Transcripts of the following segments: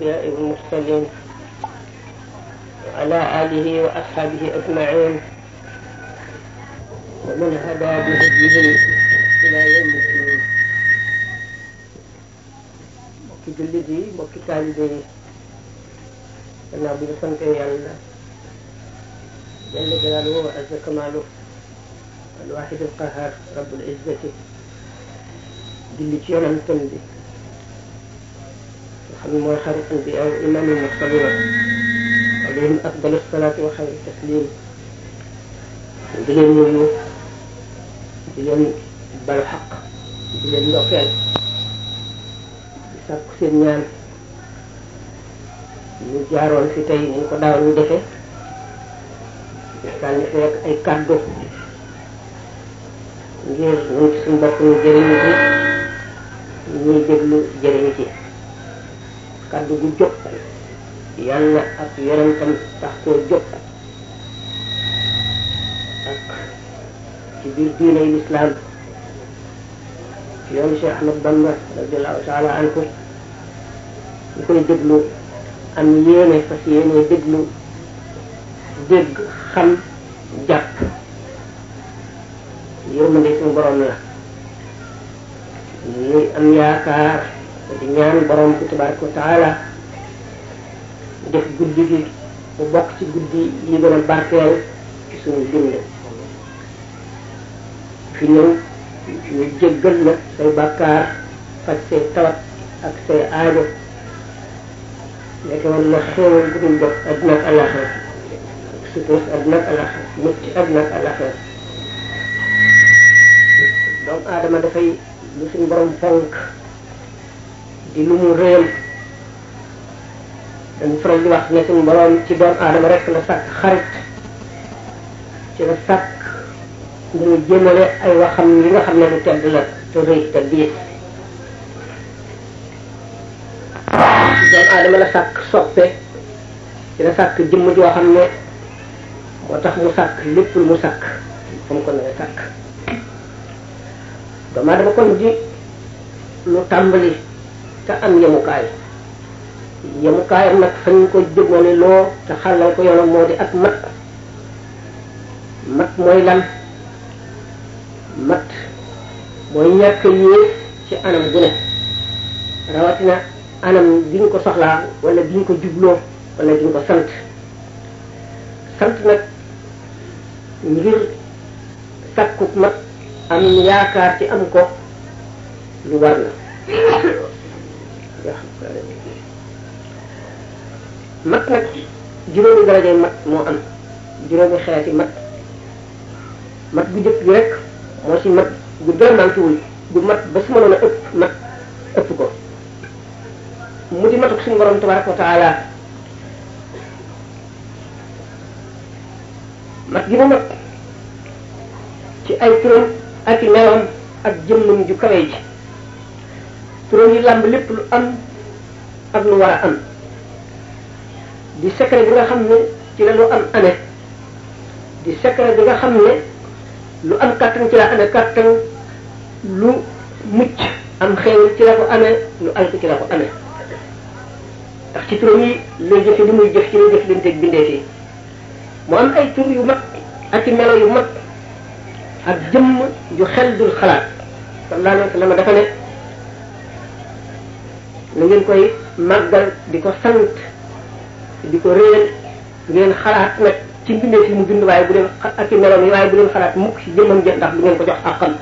الأنبياء والمرسلين وعلى آله وأصحابه أجمعين ومن هدى بهديهم إلى يوم الدين mbokki jullit yi mbokki taalibe yi gannaaw bi ñu sant yàlla jalla jalaaluhu wa azza kamaaluhu al waahid al qahaar rabbul izzati julli ci yonentam bi xam ne mooy xaru anbiya wa imaamul mursalin alayhim afdalu salaati wa xayru taslim di leen nuyu di leen balu xaq di leen ndokkeel di sàkku seen ñaan ñu jaaroon fi tey ñu ko daaw ñu defee sànni fi rek ay kàddu ngir ñun suñu bopp ñu jëriñu ci ñuy déglu jëriñu ci kàddu gu jot yàlla ak yonentam tax koo jot ak ci biir diinay lislaam yoonu Cheikh Ahmad Bamba radiallahu taala anhu ñu koy déglu am yéene fas yéene déglu dégg xam jàpp yërmande suñu borom la ñuy am yaakaar di ñaan borom bi tabaraka wa taala def guddi gi mu bokk guddi yi gën barkeel ci suñu dund fi ñëw ñu jéggal la say bàkkaar faj say tawat ak say aajo nekk woon na xéewal bu dul def adduna ak alaxeer sutura adduna ak alaxeer mucc adduna dafay lu suñu borom fonk di lu mu réyal dañu faral wax ne suñu borom ci doomu aadama rek la sàkk xarit ci la sàkk ngir jëmale ay waxam li nga xam ne lu tedd la te rëy te biir doomu aadama la sàkk soppe ci la sàkk jëmm joo xam ne moo tax mu sàkk lépp lu mu sàkk fa mu sàkk doomu aadama kon di lu tàmbali te am yemukaay yemukaayam nag fa ñu ko jëmale loo te xàllal ko yoonam moo di ak mat mat mooy lan mat mooy ñàkk yéef ci anam gu ne rawatina anam bi ñu ko soxlaa wala bi ñu ko jubloo wala bi ñu ko sant sant nag ngir sàkkuk mat am yaakaar ci am ko lu war la mat nag juróomi darajay mat moo am juróomi xeeti mat mat gu jëkk gi rek moo ci mat gu dara manquéwul gu mat ba su mënoon a ëpp mat ëpp ko mu di matuk suñu borom tabaraka wa taala mat gi mu mat ci ay turam ak i meloom ak jëmmam ju kawe ji turam yi làmb lépp lu am ak lu war a am di secret bi nga xam ne ci la lu am amee xam ne lu am ci la amee kàttan lu mucc am xéewal ci la ko amee lu alku ci la ko amee ndax ci turam yi lay jëfe li muy jëf ci lay jëf leen teg bindee fii mu am ay tur yu mag ak i melo yu mag ak jëmm ju xel dul xalaat sallallahu alayhi wa sallam dafa ne la ngeen koy màggal di ko sant di ko réel ngeen xalaat nag ci mbindeef yi mu bind waaye bu leen ak i meloom yi waaye bu leen xalaat mukk ci jëmmam jë ndax du ngeen ko jox àqam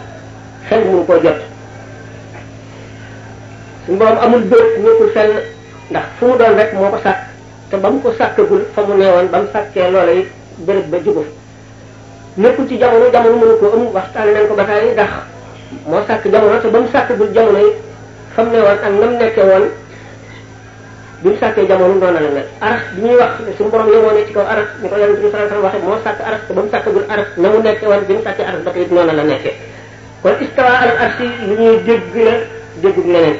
xel mënu ko jot suñu borom amul bërëb ñëkkul fenn ndax fu mu doon rek moo ko sàkk te ba mu ko sàkkagul fa mu neewoon ba mu sàkkee loola it béréb ba juguf nekkul ci jamono jamono mënu ko am waxtaane nañ ko bataay ndax moo sàkk jamono te ba mu sàkkagul jamono it fam ne woon ak nam nekke woon bi mu sàkkee jamono noonu la mel aras bi ñuy wax suñu borom yemoo ne ci kaw aras moo ba mu sàkkagul aras na mu nekke woon bi mu sàkkee aras ba tey noonu la nekkee kon istawa al arsi lu ñuy dégg la déggub neneen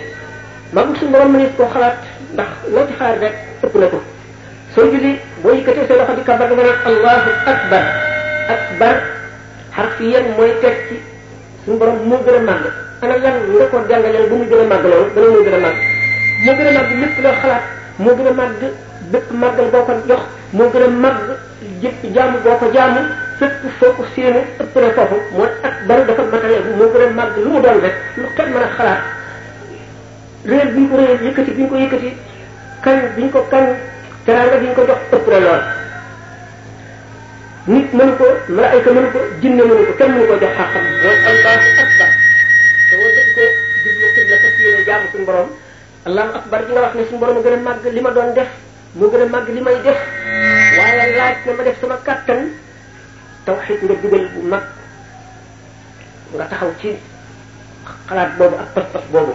maagul suñu borom mënees koo xalaat ndax loo ci xaar rek ëpp na ko soo julli boo yëkkatee sa loxo di kabar nga naan allahu akbar akbar xarfiyan mooy tekki suñu moo gën a màgg ana lan nga ko jàngaleel bu gën a màgg loolu dana moo gën a màgg moo gën a màgg lépp loo moo gën a màgg bépp màggal ko jox moo gën a màgg jëpp jaamu boo ko jaamu fépp foo ko séenu ëpp na foofu mooy ak bari dafa matale bu moo gën a màgg lu mu doon rek lu kenn mën a xalaat réer bi ñu ko réer yëkkati bi ñu ko yëkkati kañ bi ñu ko kañ teraanga bi ñu jox ëpp na lool nit mënu ko malaayka mënu ko jinne mënu ko kenn mënu ko jox xaqam te war dañ ko jublu xibla fas yéene allahu akbar gi nga wax ne suñu borom a gën a màgg li ma doon def moo gën a màgg li may def waaye laaj na ma def sama kàttan tawxid nga dugal bu mag nga taxaw ci xalaat boobu ak pas-pas boobu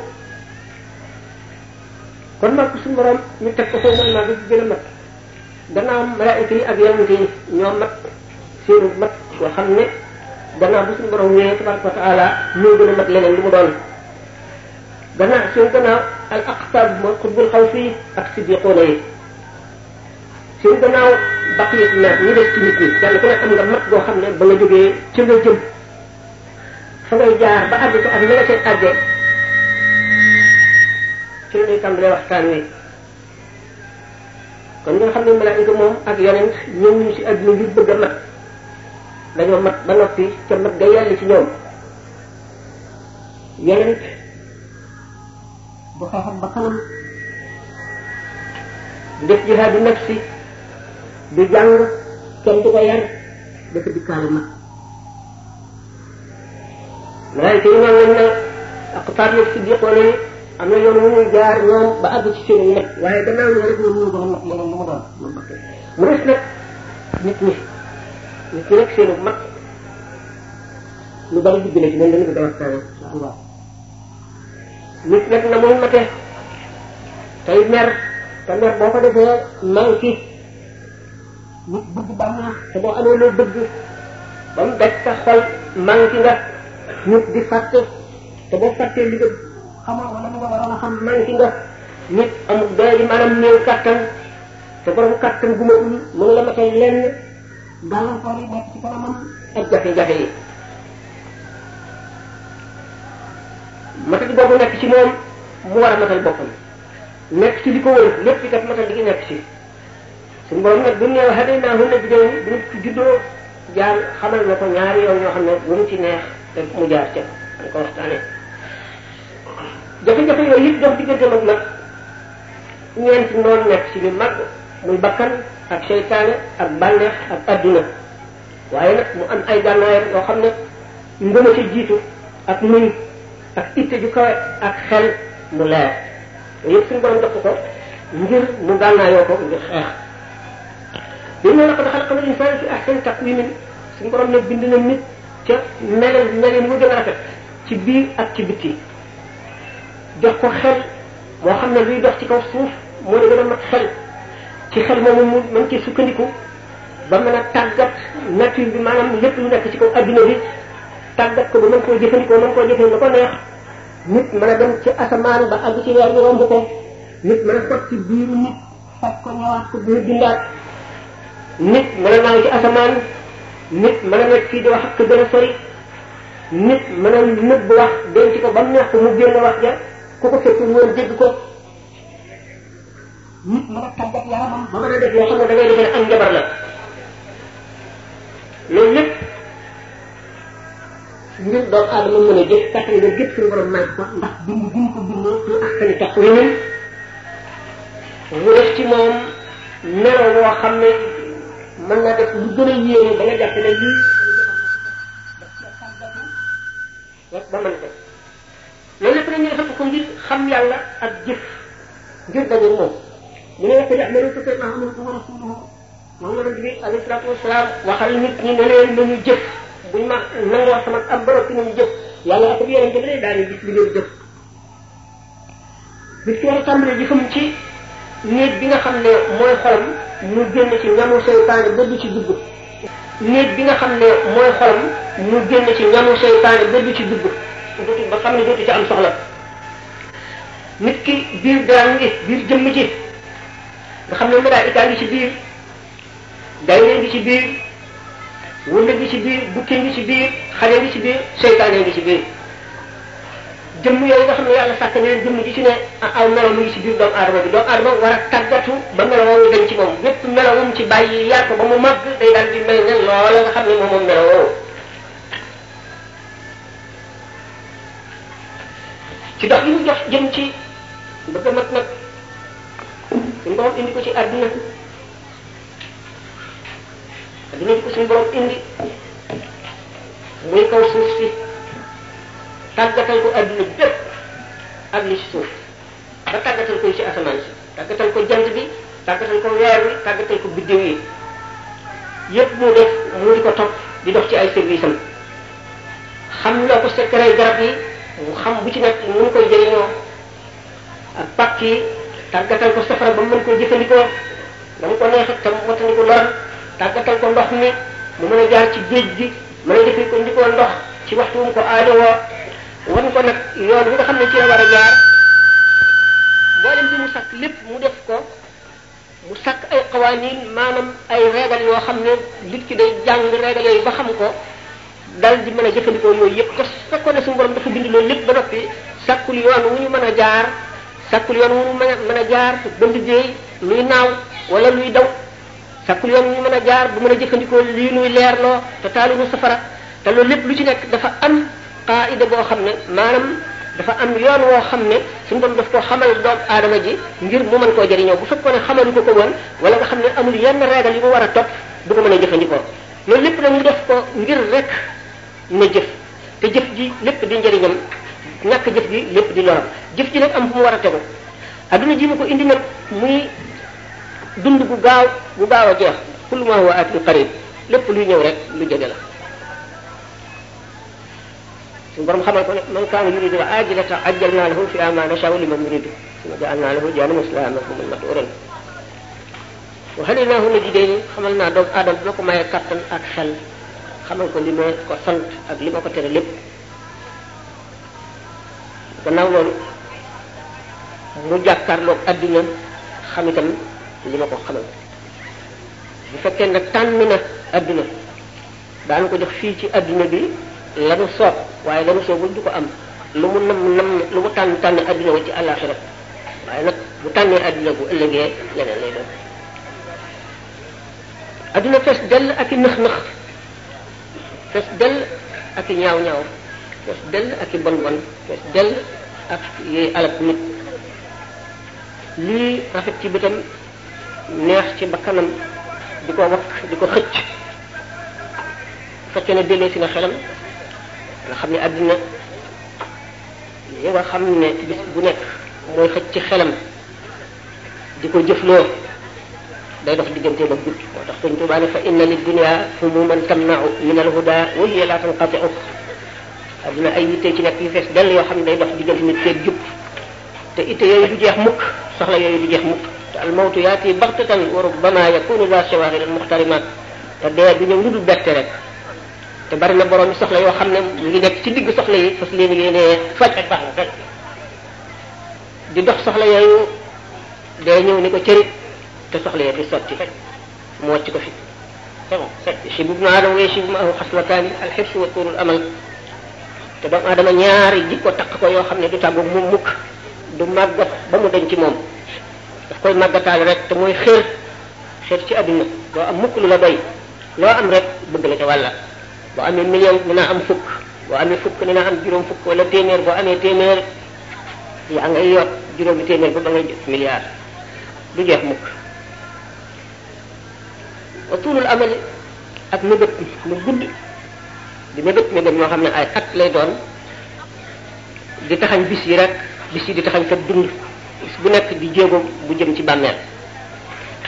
kon màgg suñu borom ñu ko foofu mooy màgg gi gën a mag gannaaw yi ak yonent yi ñoo mag seenu mat nga xam ne gannaaw bi suñu borom ñëwee tabaraka wa taala ñoo gën a mat leneen lu mu doon gannaaw seen gannaaw al aqtab mooy xutbul xaw fii ak siddiqoona yi seen gannaaw baqiyat na ñu def ci nit ñi kenn ku ne am nga mat goo xam ne ba nga jógee ci nga jëm fa ngay jaar ba àgg ko ak ña nga seen àggee ci la nga xam ne ngir bëgg a mat dañoo mat ba noppi ca mat ga yàlla ci ñoom yeneen bu xeexam ba kanam def jihaadu nafsi du jàng kenn du ko yar dafa dikkaale mag malaayika yi noonu lañ na aqtaar yi siddiqoon yi am na yoon wu muy jaar ñoom ba àgg ci seen yi nag waaye gannaaw ñoo rek ñoom ñu ko xam mu doon mu des nag nit ñi ñu ci nekk lu bari digg a waxtaane insha allah nit nag na muy mate tey mer boo ko defee manqué nit nit di fàtte te boo fàttee li xamoo wala mu nga waroon a xam manqué nga nit amul doy di maanaam néew kàttan te borom kàttan gu ma mun la matal lenn gàllankoor yi nekk ci kanamam ak jafe-jafe yi matadi boobu nekk ci moom mu war a matal boppam nekk ci li ko wër lépp itam matal di nekk ci suñu borom nag bu neew xëy naa mën na bidéo juddoo jaar xamal na ko ñaari yoon yoo xam ne bu mu ci neex te mu jaar ca ko waxtaane jafe-jafe yooyu yëpp dox diggante mag nag ñeenti noonu nekk ci lu mag muy bakkan ak seytaane ak bànneex ak adduna waaye nag mu am ay gànnaayam yoo xam ne ngëm a ci jiitu ak muñ ak itte ak xel mu leer yëpp suñu borom jox ko ngir mu gànnaayoo ko ngir xeex bi mu ne laqad xalaqna al-insaana fi ahsani taqwiimin suñu borom ne bind na nit ca melin melin mu gën a rafet ci biir ak ci bitti jox ko xel moo xam ne luy dox ci kaw suuf moo di gën a xel ci xel moomu mu mën ci sukkandiku ba mën a tàggat nature bi maanaam lépp lu nekk ci kaw adduna bi tàggat ko ba mën koo jëfandikoo mën koo jëfee lu ko neex nit mën a dem ci asamaan ba àgg ci weer bi romb ko nit mën a fot ci biir nit faj ko ñëwaat ko biir dindaat nit mën a naaw ci asamaan nit mën a nekk fii di wax ak a sori nit mën a nëbb wax denc ko ba mu ko mu génn wax ja ku ko fekk woon dégg ko nit mën a tàggat yaramam ba mën a def loo xam ne da ngay defee am la a jëf kattan nga gépp suñu def ci moom melo woo xam ne mën naa def lu gën a yéeme ba nga jàpp ne lii ba mën ko loolu lépp nag ñu def ko ngir xam yàlla ak jëf ngir daje moom mu ne ko yàlla rek fekk naa ko war a suul moom la bi alayhi salaatu wasalaam waxal nit ñi ne leen nañu jëf buñ ma nangoo sama ab barab ci nañu jëf yàlla wax ko bi yonente bi ne daal di gis li ngeen jëf. bi ci war a tàmbalee jëfam ci néeg bi nga xam ne mooy xolam mu génn ci ñamu seytaane ba du ci dugg. néeg bi nga xam ne mooy xolam mu génn ci ñamu seytaane ba du ci dugg dootu ba xam ne dootu ci am soxla nit ki biir dara ngi biir jëmm ci. nga xam ne malaayika ngi ci biir gaynde ngi ci biir wënde ngi ci biir bukki ngi ci biir xale ngi ci biir seytaane ngi ci biir jëmm yooyu nga xam ne yàlla sàkk ne jëmm ji ci ne ah, aw melo mu ngi ci biir doomu aadama bi doomu aadama war a tàggatu ba melo woowu dañ ci moom lépp melo wum ci bàyyi yar ko ba mu màgg day daal di mel ne loola nga xam ne moom moom melo woowu ci dox yi mu jox jëm ci bëgg a mat nag suñu borom indi ko ci adduna ko suñu borom indi muy ko adduna bépp ak li ci suuf ba tàggatal ko ci asamaan si tàggatal ko jant bi tàggatal ko weer wi tàggatal ko biddiw yi yépp mu def mu di ko topp di dox ci ay service am xam loo ko secret garab yi mu xam bu ci nekk nu mu koy jëriñoo ak pàkk yi tàggatal ko safara ba mu mën koo jëfandikoo na mu ko neex ak tam watandi ko lor tàggatal ndox mi mu mën a jaar ci géej gi mën a jëfandikoo ndox ci waxtu wu mu ko aajowoo wan ko nag yoon bi nga xam ne ci la war a jaar mboolem bi mu sàkk lépp mu def ko mu sàkk ay xawaanin maanaam ay régal yoo xam ne nit ki day jàng régal yooyu ba xam ko dal di mën a jëfandikoo yooyu yëpp ko fekkoon ne suñu borom dafa bind loolu lépp ba noppi sàkkul yoon wu ñu mën jaar sakkul yoon wu mën a mën jaar ba liggéey luy naaw wala luy daw sakkul yoon wu mën a jaar bu man a jëfandikoo li nuy leerloo te taaluñu safara te loolu lépp lu ci nekk dafa am qaida boo xam ne maanaam dafa am yoon woo xam ne suñu borom daf ko xamal doom aadama ji ngir mu mën koo jëriñoo bu fekkoon ne xamalu ko ko woon wala nga xam ne amul yenn règle yu mu war a topp du ko mën a jëfandikoo loolu lépp nag ñu def ko ngir rek na jëf te jëf ji lépp di njëriñam ñàkk jëf ji lépp di loram jëf ji nag am fu mu war a tegu adduna ji ko indi na muy dund gu gaaw gu gaaw a jeex kullu ma huwa atin qarib lépp luy ñëw rek lu jege la suñu borom xamal ko ne man kaana yuridu ajilata ajjalna lahu fi ama nashau liman yuridu suma jaalna lahu jahannama yaslaha matuuran wa halallahu najidayni xamal naa doomu aadama bi ma ko kattan ak xel xamal ko li ko sant ak li ma ko tere lépp gannaaw loolu mu jàkkaarloog adduna xam itam li ma ko xamal bu fekkee ne tànn na adduna daanu ko jox fii ci adduna bi lanu soob waaye lanu soobul du ko am lu mu nam nam lu mu tànn tànn adduna wa ci waaye nag bu tànnee adduna bu ëllëgee leneen lay doon adduna fees dell ak i nëx nëx fees dell ak i ñaaw ñaaw fees dell ak i bon bon fees dell ak yooyu alak nit lii rafet ci bëtam neex ci bakkanam di ko wakk di ko xëcc fekkee ne delloo si na xelam nga xam ne àddina li nga xam ne bis bu nekk mooy xëcc ci xelam di ko jëfloo day dox diggante ba gudd moo tax Sëñ Tuubaa a fa inna li dunia fu mu man tamnau min al huda wa hiya la tanqatiu adduna ay yitte ci nekk yu fees dell yoo xam ne day dox diggante nit keeg jub te itte yooyu du jeex mukk soxla yooyu du jeex mukk te almawtu yaati baxtatan wa rubbama yakunu du ñëw lu te bari na borom soxla yoo xam ne mu ngi nekk ci digg soxla yi fas leen yéene faj ak baax na rek di dox soxla yooyu day ñëw ni ko cërit te soxla yooyu di sotti mu wàcc ko fi c'est bon c'est bon si bu ma aadama wee si bu ma aw te doomu aadama ñaari jikko takk ko yoo xam ne du tàggu mu mukk du màggat ba mu denc moom daf koy màggataale rek te mooy xër ci àdduna doo am mukk lu la doy loo am rek bëgg la ca wàlla boo amee million dina am fukk boo amee fukk dina am juróom fukk wala téeméer boo amee téeméer yaa ngay yot juróomi téeméer ba ba ngay jot milliard du jeex mukk wa tuulul amal ak mëbët mu gudd di ma dëkk ma dem xam ne ay at lay doon di taxañ bis yi rek bis yi di taxañ sa dund bis bu nekk di jéego bu jëm ci bàmmeel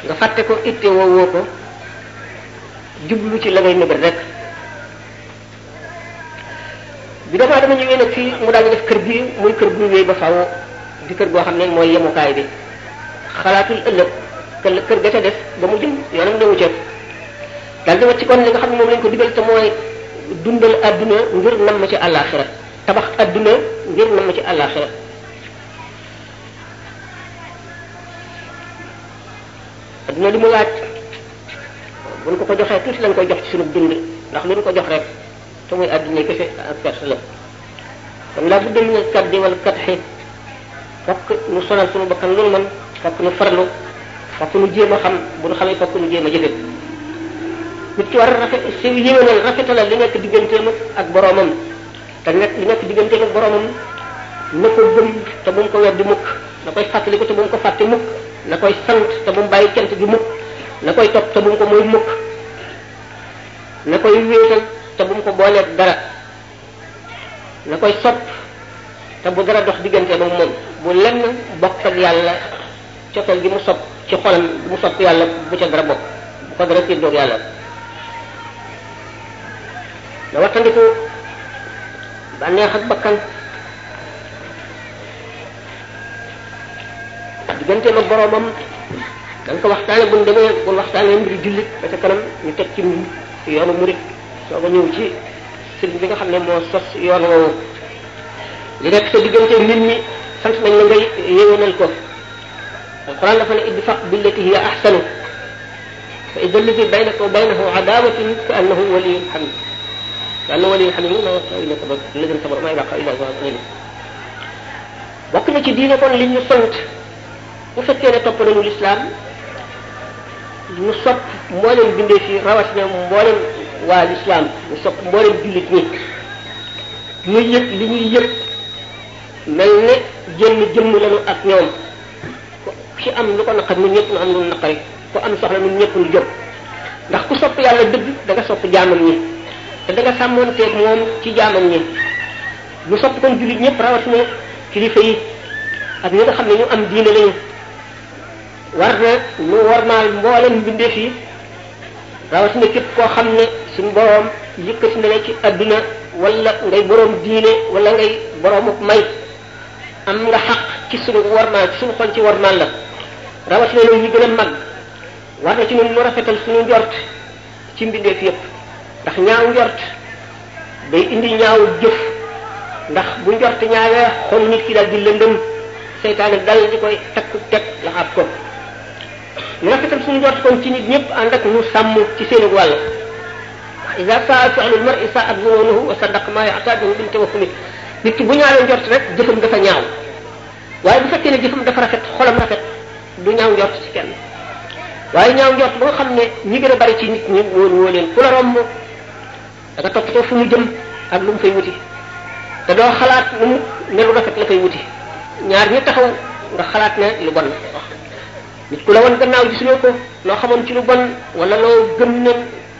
nga fàtte ko itte woo woo ko jublu ci la ngay nëbër rek bi doomu aadama ñëwee nag fii mu daal di def kër bii muy kër bu ba faw di goo xam ne mooy yemukaay bi xalaatul ëllëg kër kër ga ca def ba mu jëm yoonam newu ca daal di wacc kon li nga xam ne moom lañ ko digal te mooy dundal adduna ngir namm ci àllaaxira tabax adduna ngir namm ci àllaaxira adduna li mu laaj buñ ko ko joxee tuuti lañ koy jox ci sunu dund ndax lu ñu ko jox rek te muy adduna kese ak perte la kon laa budda min al kaddi wal kadxi fokk nu sonal sunu bakkan lu nu mën fokk nu farlu fokk nu jéem a xam bu nu xamee fokk nu jéem a jëfe nit ki war a rafet si yéwénal rafetalal li nekk digganteem ak boroomam te nekk li nekk digganteem ak boroomam na ko gëm te bu ko weddi mukk na koy fàttali ko te bu mu ko fàtte mukk na koy sant te bu mu bàyyi kent gi mukk na koy topp te bu mu ko mooy mukk na koy te bu ko booleeg dara na koy sopp te bu dara dox digganteem ak moom bu lenn bokk ak yàlla cofeel gi mu sopp ci xolam mu sopp yàlla bu ca dara bokk bu ko dara tiir yàlla te wattandiku bànneex ak bakkan digganteem ak boroomam dañ ko waxtaane buñ demee buñ waxtaanee mbiri jullit ba ca kanam ñu teg ci yoonu murit soo ko ñëw ci sëriñ bi nga xam ne moo sos yoon woowu li nekk sa diggante nit ñi sant nañ la ngay yéwénal ko alquran dafa ne idfaq billati hiya ahsanu fa idallati baynaka wa baynahu adawatun ka annahu waliyun hamid yàlla wali xamimu ma wasa ila sabab na ci diine kon li ñu sant bu fekkee ne topp nañu lislaam ñu sopp mboolem bindee fi rawatina mboolem waa lislaam ñu sopp mboolem jullit ñi ñu yëg li ñuy yëg mel ne jënn jëmm lañu ak ñoom ci am lu ko naqar ñun ñëpp ñu am lu naqari ku am soxla ñun ñëpp ñu jóg ndax ku sopp yàlla dëgg da nga sopp jaamam ñi te da nga sàmmoonteeg moom ci jaamam ñi lu sopp kon jullit ñëpp rawatina kilifa yi ak ñi nga xam ne ñu am diine lañu war na mu war naa mboolem mbindeef yi na képp koo xam ne suñu boroom yëkkati na la ci adduna wala ngay boroom diine wala ngay boroomu may am nga xaq ci suñu war naa ci suñu xol ci war naa la rawatina loolu ñu gën a mag war na ci ñun mu rafetal suñu njort ci mbindeef yépp ndax ñaaw njort day indi ñaaw jëf ndax bu njort ñaawee xol nit ki daal di lëndëm seytaane dal di koy takku teg laxaat ko ñu rafetal suñu njort kon ci nit ñëpp ànd ak ñu sàmm ci seen wàll ndax isa saa fi'lul mar'i saa at zunuhu wa sadaq ma ya'taduhu min tawakkuli nit bu ñaawee njort rek jëfam dafa ñaaw waaye bu fekkee ne jëfam dafa rafet xolam rafet du ñaaw njort ci kenn waaye ñaaw njort ba nga xam ne ñi gën a bari ci nit ñi wóor woo leen ku la romb da nga toppatoo fu mu jëm ak lu mu fay wuti te doo xalaat lu mu ne lu rafet la fay wuti ñaar ñi taxaw nga xalaat ne lu bon nit ku la woon gannaaw gisuloo ko loo xamoon ci lu bon wala loo gën ne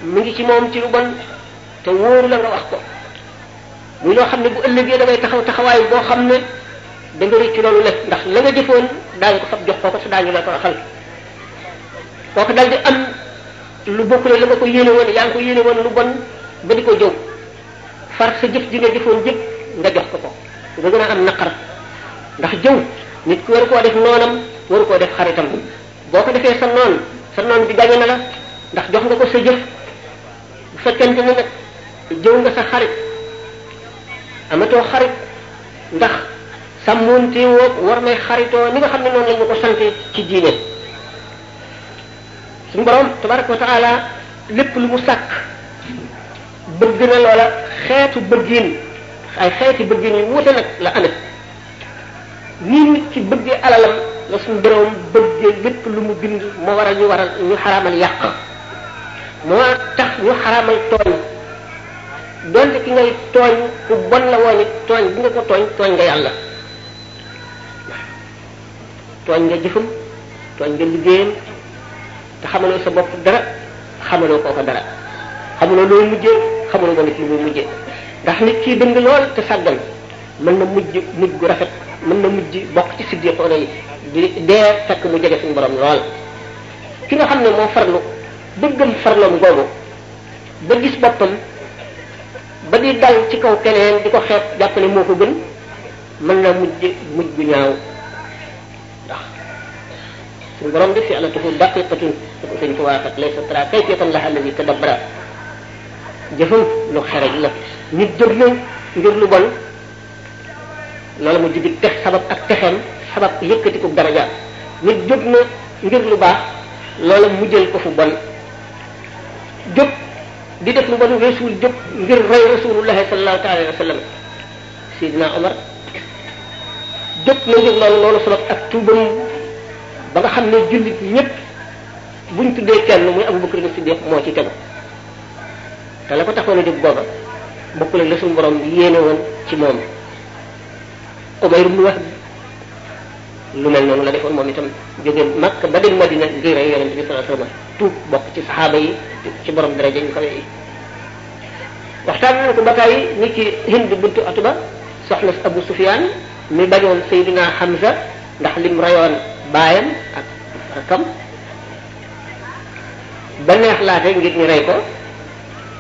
mu ngi ci moom ci lu bon te wóor la nga wax ko muy loo xam ne bu ëllëgee da ngay taxaw taxawaay boo xam ne danga nga rëcc loolu lépp ndax la nga jëfoon daañu ko fab jox kooku te daañu la ko waxal kooku daal di am lu bokkule la nga ko yéene woon yaa ngi ko yéene woon lu bon ba di ko jëw far sa jëf ji nga jëfoon jëpp nga jox ko ko nga gën a am naqar ndax jëw nit ku waru koo def noonam waru koo def xaritam boo ko defee sa noon sa noon bi gañe na la ndax jox nga ko sa jëf bu fekkente ne nag jëw nga sa xarit amatoo xarit ndax sàmmunti woo war may xaritoo ni nga xam ne noonu lañu ko sant ci diine suñu borom tabaraka wa lépp lu mu sàkk bëgg na loola xeetu bëggin ay xeeti bëggin yu wute nag la amee nii nit ci bëggee alalam la suñu borom bëggee lépp lu mu bind moo waral ñu waral ñu xaraamal yàq moo tax ñu xaraamal tooñ donte ki ngay tooñ ku bon la woon it tooñ bi nga ko tooñ tooñ nga yàlla tooñ nga jëfam tooñ nga liggéeyam te xamaloo sa bopp dara xamaloo koo ko dara xamuloo looy mujjee xamuloo nga ne ci muy mujjee ndax nit kii dëng lool te sàggan mën na mujj mujj gu rafet mën na mujj bokk ci siddiqoona yi di dee fekk mu jege suñu borom lool ki nga xam ne moo farlu bëggam farloom googu ba gis boppam ba di dal ci kaw keneen di ko xeet jàpp moo ko gën mën na mujj mujj gu ñaaw ndax suñu borom di fi alatuhu daqiqatun su ko sëñ ko waaxat laysa tara kayfiyatan laha alladi tadabbara jëfam lu xereñ la nit jóg la ngir lu bon loolu mu jigi tex sabab ak texeem sabab yëkkatiku daraja nit jóg na ngir lu baax loola mu jël ko fu bon jóg di def lu bon resul jóg ngir roy rasulullahi sallallahu taala alayhi wa sallam jóg na ngir loolu loolu sabab ak tuubam ba nga xam ne jullit ñépp buñ tuddee kenn muy abubakar siddiq moo ci tegu te la ko taxoon a jóg booba bokkul la suñu borom yéene woon ci moom Umayr ibn Wahb lu mel noon la defoon moom itam jóge Makka ba dem Madina ngir rey yonent bi sallallahu alayhi wasallam tuub bokk ci saxaaba yi ci borom daraja ñu kawe yi waxtaan nañ ko ba tàyyi ni ci Hind bintu Utba soxna Abu Sufyaan mi bañoon Seydina Hamza ndax lim rayoon baayam ak rakam ba neex laate ngir ñu rey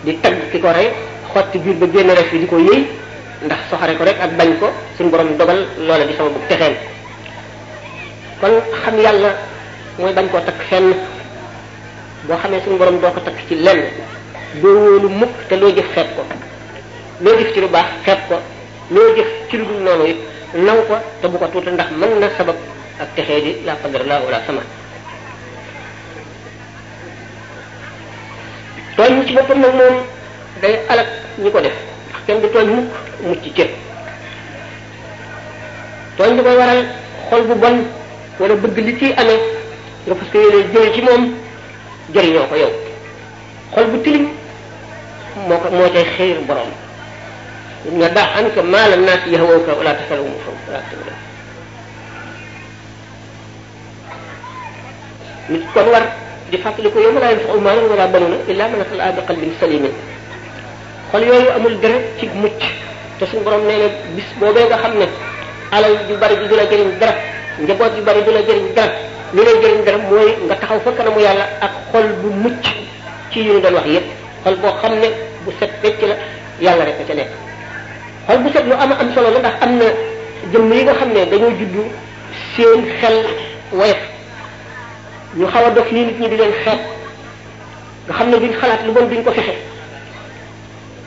di tagg ki ko rey xotti biir ba génn rek bi di ko yëy ndax soxare ko rek ak bañ ko suñu borom dogal loola di sama bu texeel kon xam yàlla mooy bañ koo takk fenn boo xamee suñ borom doo ko takk ci lenn doo lu mukk te loo jëf xeeb ko loo jëf ci lu baax xeeb ko loo jëf ci lu dul noonu it naw ko te bu ko tuuta ndax mën na sabab ak texee di la qadar la wala sama tooñ ci boppam nag moom day alak ñi ko def ndax kenn du tooñ mukk mucc cër tooñ li koy waral xol bu bon wala bëgg li ciy amee nga parce que yéene ci moom jëriñoo ko yow xol bu tilim moo ko moo cay xëyir borom nga daax an ka maala naas yahwawka wala tasalum fa wala nit kon war di fàttaliku yawma laa yanfa'u maalun wa laa banuuna illaa man ataa Allaha bi qalbin saliim xol yooyu amul deret ci mucc te suñu borom nee na bis boobee nga xam ne alal yu bari du la jëriñ dara njaboot yu bari du la jëriñ dara lu lay jëriñ dara mooy nga taxaw fa kanamu yàlla ak xol bu mucc ci yu ñu doon wax yépp xol boo xam ne bu set wecc la yàlla rek a xol bu set lu am am solo la ndax am na jëmm yi nga xam ne dañoo juddu seen xel ñu xaw a dof nii nit ñi di leen xeet nga xam ne duñ xalaat lu bon duñ ko fexe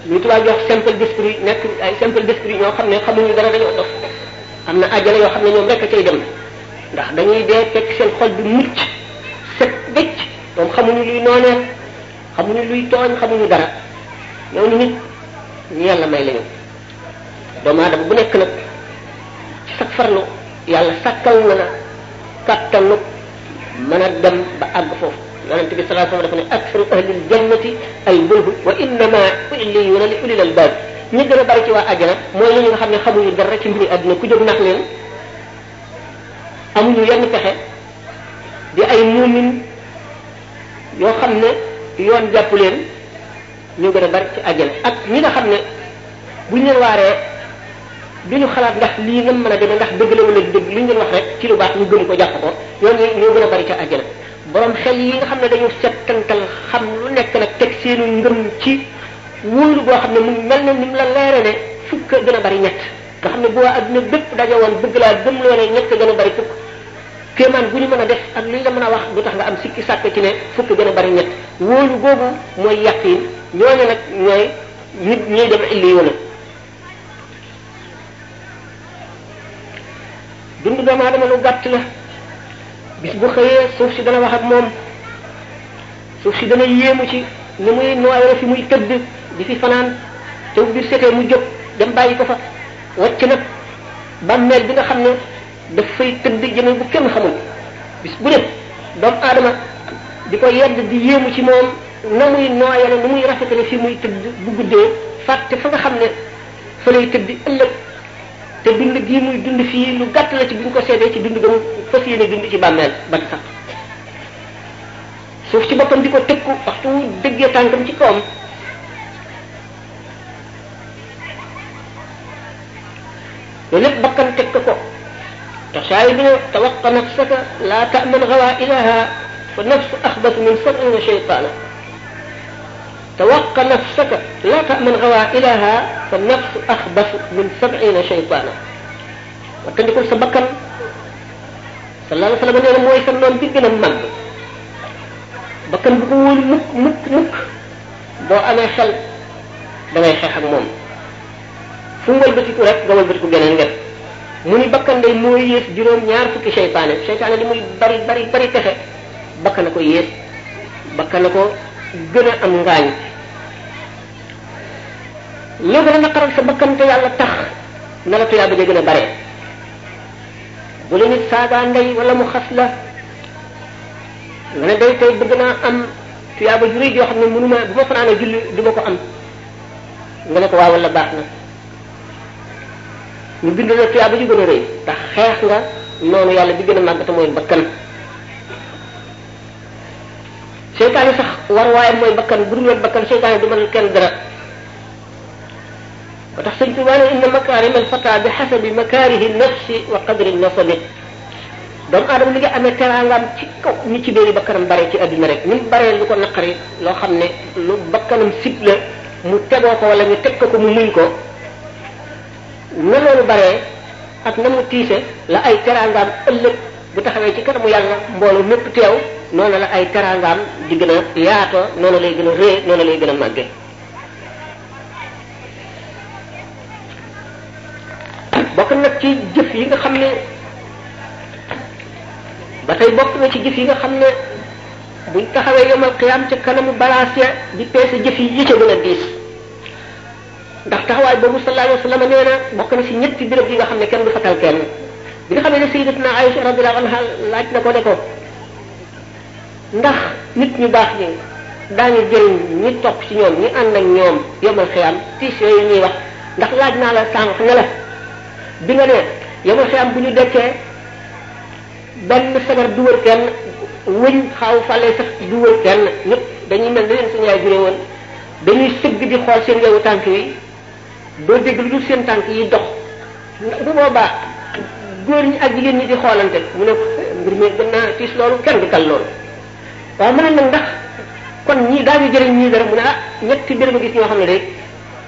ñu tubaab jox simple d'esprit nekk ay simple d'esprit ñoo xam ne xamuñu dara dañoo dof am na àjjana yoo xam ne ñoom rek a cay dem ndax dañuy dee fekk seen xol bi mucc set bëcc moom xamuñu luy nooneel xamuñu luy tooñ xamuñu dara ñooñu nit ñu yàlla may lañu doomu bu nekk nag ci sag farlu yàlla sàkkal na la kàttanu mën a dem ba àgg foofu yonente bi sallallahu alayhi wasallam dafa ne aksaru ahlil jannati al mulhu wa innama illiyuna li ulil albab ñi gën a bari ci waa àjjana mooy ñu nga xam ne xamuñu dara ci mbiri àdduna ku jóg nax leen amuñu yenn pexe di ay muumin yoo xam ne yoon jàpp leen ñu gën a bari ci àjjana ak ñi nga xam ne buñ leen waaree du ñu xalaat ndax lii nam mën a demee ndax dëgg la wala dëgg li ñu doon wax rek ci lu baax ñu gëm ko jàpp ko ñooñu ñoo gën a bari ca àjjana borom xel yi nga xam ne dañu settantal xam lu nekk nag teg seenu ngëm ci wóolu boo xam ne mu mel na ni mu la leere ne fukk gën a bari ñett nga xam ne bu waa adduna bépp daje woon bëgg laa gëm loo ne ñett gën a bari fukk kéemaan bu ñu mën a def ak li nga mën a wax du tax nga am sikki sàkk ci ne fukk gën a bari ñett wóolu googu mooy yàq yi ñooñu nag ñooy nit ñuy dem illi yoonu dund doomu aadama lu gàtt la bis bu xëyee suuf si dana wax ak moom suuf si dana yéemu ci ni muy nooyoo fi muy tëdd di fi fanaan te bu biir setee mu jóg dem bàyyi ko fa wàcc nag bàmmeel bi nga xam ne daf fay tëdd jëme bu kenn xamul bis bu nekk doomu aadama di ko yedd di yéemu ci moom na muy nooyale ni muy rafetale fi muy tëdd bu guddee fàtte fa nga xam ne fa lay tëdd ëllëg te dund gii dund fii lu gàtt la ko seedee ci dund ga mu fas yéene ci bàmmeel ban sax suuf di ko tëkku waxtu dëggee tànkam ci kawam loolu bakkan teg ko te saa yu ne tawaqqa nafsaka ta'man gawaa ilaha fa nafsu axbatu min sarin wa shaytaana توق نفسك لا تأمن غوائلها فالنفس أخبث من سبعين شيطانا wattandikul sa bakkan sallallahu alayhi wa sallam nee na mooy sa noon bi gën a màgg bakkan bu ko wóolu mukk mukk mukk boo amee xel da ngay xeex ak moom fu mu wëlbatiku rek nga wëlbatiku geneen ngeen mu ni bakkan day mooy yées juróom ñaar fukki seytaane seytaane li muy bari bari bari texe bakkan na ko yées bakkan na ko gën a am ngaañ loo gën a naqaral sa bakkan te yàlla tax na la tuyaaba ja gën a bare bu la nit saaga ndey wala mu xas la nga ne day tey bëgg naa am tuyaaba ju rëy joo xam ne mënuma bu ma fanaana julli du ko am nga ne ko waaw wala baax na ñu bind la tuyaaba ju gën a rëy tax xeex nga noonu yàlla bi gën a màgg te mooy bakkan seytaane sax war waaye mooy bakkan bu dul bakkan seytaane du mënal kenn dara ba tax sëñ Tuubaa ne inna makaarima alfata bi xasabi makaarihi nafsi wa qadri nasabi doomu aadama li nga amee teraangaam ci kaw ni ci biir bakkanam bare ci àdduna rek ni mu baree lu ko naqari loo xam ne lu bakkanam sib la mu tegoo ko wala ñu teg ko ko mu muñ ko na loolu baree ak na mu tiise la ay teraangaam ëllëg bu taxawee ci kanamu yàlla mbooloo mépp teew noonu la ay teraangaam di gën a yaatoo noonu lay gën a rëy noonu lay gën a màgge bokk nag ci jëf yi nga xam ne ba tey bokk na ci jëf yi nga xam ne buñ taxawee yomal xiyaam ca kanamu balaas ya di peese jëf yi yi ca gën a diis ndax taxawaay boobu sallallahu alayhi wa sallam nee na bokk na ci ñetti béréb yi nga xam ne kenn du fatal kenn bi nga xam ne sayyidatuna Aïcha radiyallahu anha laaj na ko ne ko ndax nit ñu baax ñi daañu jëriñ ñi topp ci ñoom ñu ànd ak ñoom yomal xiyaam tiis yooyu ñuy wax ndax laaj naa la sànq ne la bi nga ne yow a am bu ñu dekkee benn sagar du wër kenn wëñ xaw fàlle sax du wër kenn ñëpp dañuy mel ne leen suñu yaay juree woon dañuy sëgg di xool seen wewu tànk yi doo dégg lu dul tànk yi dox bu boobaa góor ñi ak jigéen ñi di xoolante mu ne mbir mi gën naa tiis loolu kenn bi tal loolu waaw mu ne nag ndax kon ñii daañu jëriñ ñii dara mu ne ah ñetti mbir nga gis ñoo xam ne de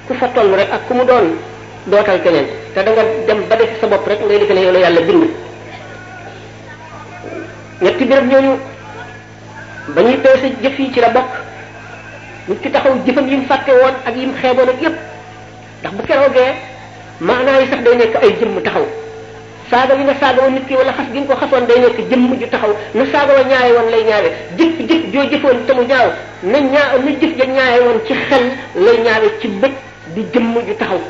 ku fa toll rek ak ku mu doon dootal keneen te da dem ba def sa bopp rek ngay defe ne yow yàlla bind ñetti béréb ñooñu ba ñuy peese jëf yi ci la bokk nit ki taxaw jëfam yi mu fàtte woon ak yi xeeboon ak yépp ndax bu keroogee maanaa yi sax day nekk ay jëmm taxaw saaga yi nga saaga woon nit ki wala xas gi nga ko xasoon day nekk jëmm ju taxaw na saaga wa ñaaye woon lay ñaawe jëf jëf joo jëfoon te mu ñaaw na ñaa na jëf ja ñaaye woon ci xel lay ñaawe ci bëj di jëmm ju taxaw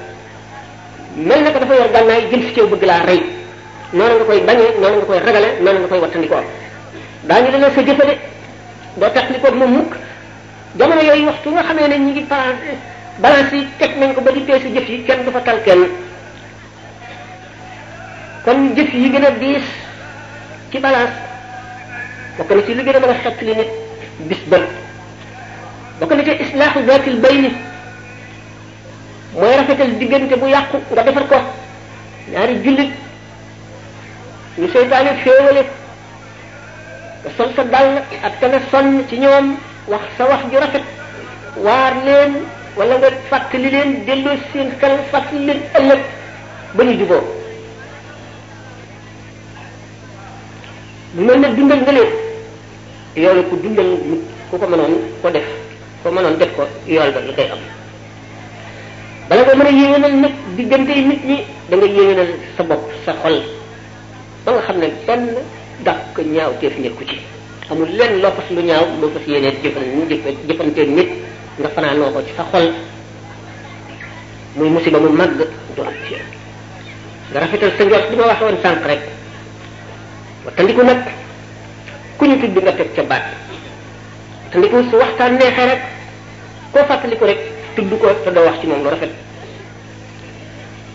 mel na ko dafa yor gànnaay jël si cew bëgg laa rey noonu nga koy bañee noonu nga koy ragale noonu nga koy wattandikoo daañu dana sa jëfale doo taxlikoog moom mukk jamono yooyu waxtu nga xamee ne ñu ngi balance balance yi teg nañ ko ba di peese jëf yi kenn du fa tal kenn kon jëf yi gën a diis ci balance bokk na ci li gën a mën a xett nit bis bët bokk na ci islaaxu zaatil bayni mooy rafetal diggante bu yàqu nga defar ko ñaari jullit ñu seytaane féewale nga sol sa dàll ak tane ci ñoom wax sa wax ju rafet waar leen wala nga li leen delloo seen xel fàttali leen ëllëg ba ñu juboo mu mel ne dundal nga leen ku dundal nit ku ko mënoon ko def ko mënoon def ko yool ba la koy am bala nga mën a yéwénal nit diggante yi nit ñi da nga sa bopp sa xol ba nga xam ne benn dàq ñaaw teef nekku ci amul lenn loo fas lu ñaaw loo fas yéenee jëfan jëfante nit nga fanaanoo ko ci sa xol muy musiba mu màgg du am ci nga rafetal sa njort li ma waxoon sànq rek wattandiku nag ku ñu tudd waxtaan neexee rek koo fàttaliku rek tudd ko te doo wax ci moom lu rafet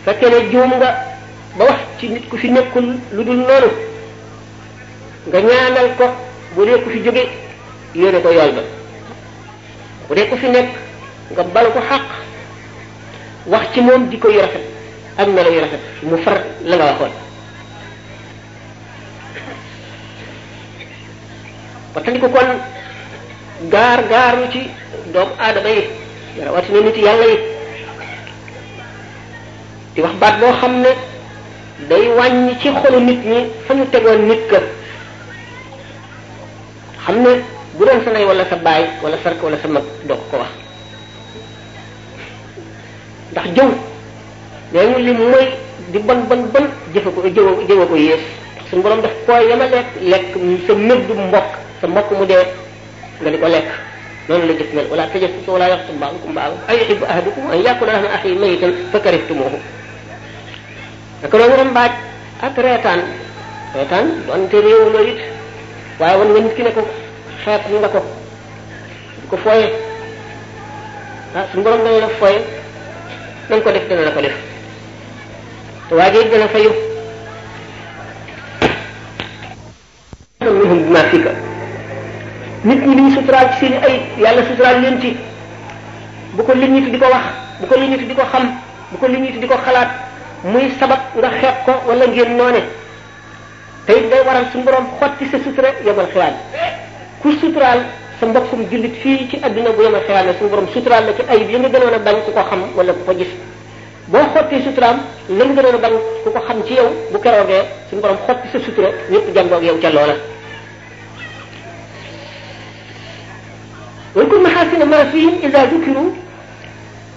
fekkee ne juum nga ba wax ci nit ku fi nekkul lu dul noonu nga ñaanal ko bu dee ku fi jóge yéene ko yool ba bu dee ku fi nekk nga bal ko xaq wax ci moom di ko yu rafet ak melo yu rafet mu far la nga waxoon waxtandi ko kon gaar gaaru ci doomu aadama yi rawatina nit yàlla yi di wax baat boo xam ne day wàññi ci xolu nit ñi fa ñu tegoon nit ka xam ne bu doon sa nay wala sa baay wala sark wala sa mag doo ko wax ndax jëw nee mu li mooy di bon bon bon jëfe ko jëwa jëwa ko yées ndax suñu daf koy yama lekk lekk sa mëddu mbokk sa mbokk mu dee nga di ko lekk loolu la jëf mel wala tajassasu wala yaxtab ba'dukum ba'dan a yuhibbu ahadukum an yakula lahma axiihi mayitan fa karihtumuuhu naka noonu rambaaj ak reetaan reetaan doonte réew la it waaye wan nga nit ki ne ko xeet nga ko di ko fooye ah suñu borom dana la fooye na ko def dana la ko def te waa ji dana fayu minhum bima fika nit ñi liñ suturaal ci seen ay yàlla suturaal leen bu ko li nit di ko wax bu ko li nit di ko xam bu ko li nit di ko xalaat muy sabab nga xeex ko wala ngeen noone te it day waral suñu borom xotti sa sutura yebal xiyaal ku suturaal sa mbokkum jullit fii ci adduna bu yebal xiyaal la suñu borom suturaal a bañ ku ko xam wala ku ko gis boo xottee suturaam la nga a bañ ci yow bu keroogee suñu borom xotti sa sutura ñëpp ca loola way kun maxaasina ma fihim ida dukiru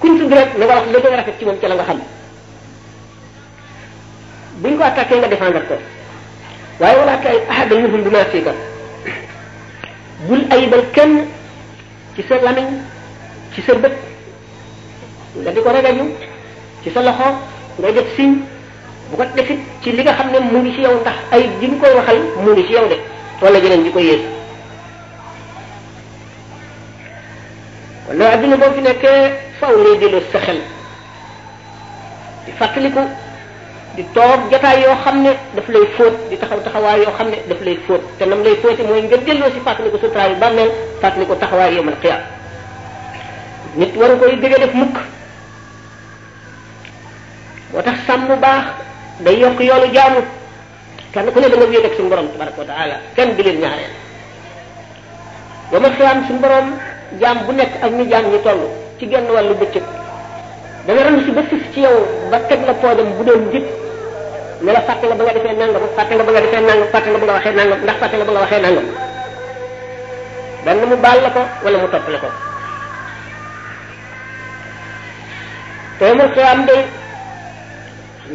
kuñ tudd rek la war la gën a rafet ci moom ca la nga xam buñ ko attaqué nga défendre ko waaye wala tay ahada yuhum bi ma fiika bul kenn ci sa ci sa bët nga di ko ragaju ci sa loxo nga def siñ bu ko defit ci li nga xam ne mu ci yow ndax ay ji ñu koy waxal mu ci yow de wala jeneen ji ko yées wala adduna boo fi nekkee faw lay delloo sa xel di fàttaliku di toog jotaay yoo xam ne daf lay fóot di taxaw taxawaay yoo xam ne daf lay fóot te nam lay fóote mooy nga delloo si fàttaliku sutraay bàmmeel fàttaliku taxawaay yomal xiyaam nit waru koy dëgg def mukk moo tax sàmm baax day yokk yoonu jaamu kenn ku ne da nga wéet ak suñu borom tabaraka wa kenn di leen ñaareel yomal xiyaam suñu borom jaam bu nekk ak ni jaam ñi toll ci genn wàllu bëccëg dana rënd si ba sif ci yow ba teg la poojam bu doon njit ne la fàtte la ba nga defee nangam fàtte la ba nga la ba nga waxee nangam ndax fàtte la ba nga waxee nangam benn mu baal la ko wala mu topp la ko te mu xiyaam day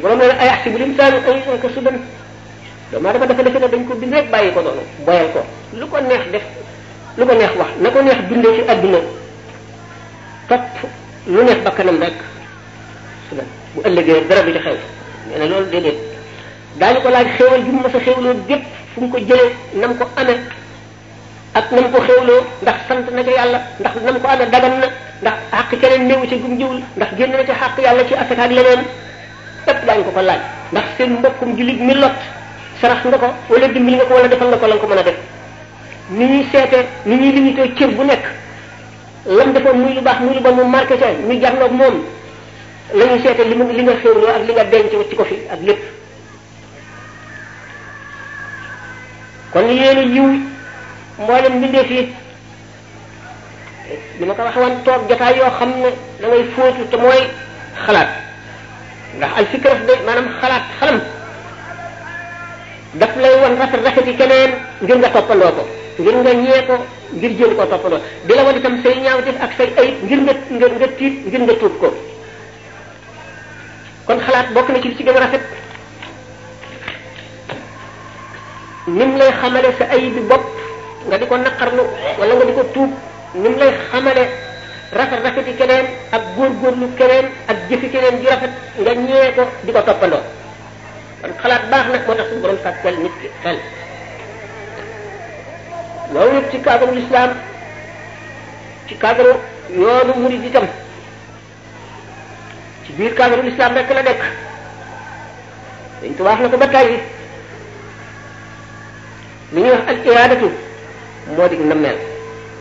borom ne ay axsibu linsaan ay ay ko sudan doomu aadama dafa defe ne dañ ko bind rek bàyyi ko noonu boyal ko lu ko neex def lu ko neex wax na ko neex àdduna topp lu neex bakkanam rek su bu ëllëgee dara bi di xew loolu déedéet daañu ko laaj xéewal bi mu mës a xéewloo gépp fu mu ko jëlee nam ko amee ak nam ko xéewloo ndax sant na ko yàlla ndax nam ko amee dagan na ndax xàq keneen néewu ci gum jiwul ndax génn na ci xàq yàlla ci asaka ak leneen lépp daañu ko ko laaj ndax seen mbokkum jullit mi lot sarax nga ko wala dimbil nga ko wala defal nga ko la nga ko mën a def ni ñuy seete ni ñuy limité cër bu nekk lam defoon muy lu baax muy lu bon mu marqué ca ñu jarloog moom la ñuy seete li mu li nga xéwloo ak li nga denc wacc ko fi ak lépp kon yéen a yiw mboolem mbindeef yi li ma ko wax woon toog jotaay yoo xam ne da ngay fóotu te mooy xalaat ndax al fikra day maanaam xalaat xalam daf lay wan rafet rafet yi keneen ngir nga toppandoo ko ngir nga ñee ko ngir jëm ko toppandoo di la wan itam say ñaawteef ak say ayib ngir nga nga nga tiit ngir nga tuub ko kon xalaat bokk na ci li ci gën a rafet nim lay xamale sa ayib bi bopp nga di ko naqarlu wala nga di ko tuub nim lay xamale rafet rafeti keneen ak góor góorgóorlu keneen ak jëfi keneen di rafet nga ñee di ko toppandoo kon xalaat baax nag moo tax suñu borom sàkkal nit loolu yëpp ci cadre l'islam ci cadre yoonu murid itam ci biir cadre l'islam rek la nekk dañ ko wax na ko ba tàyyi li ñuy wax ak iradatu moo di nammeel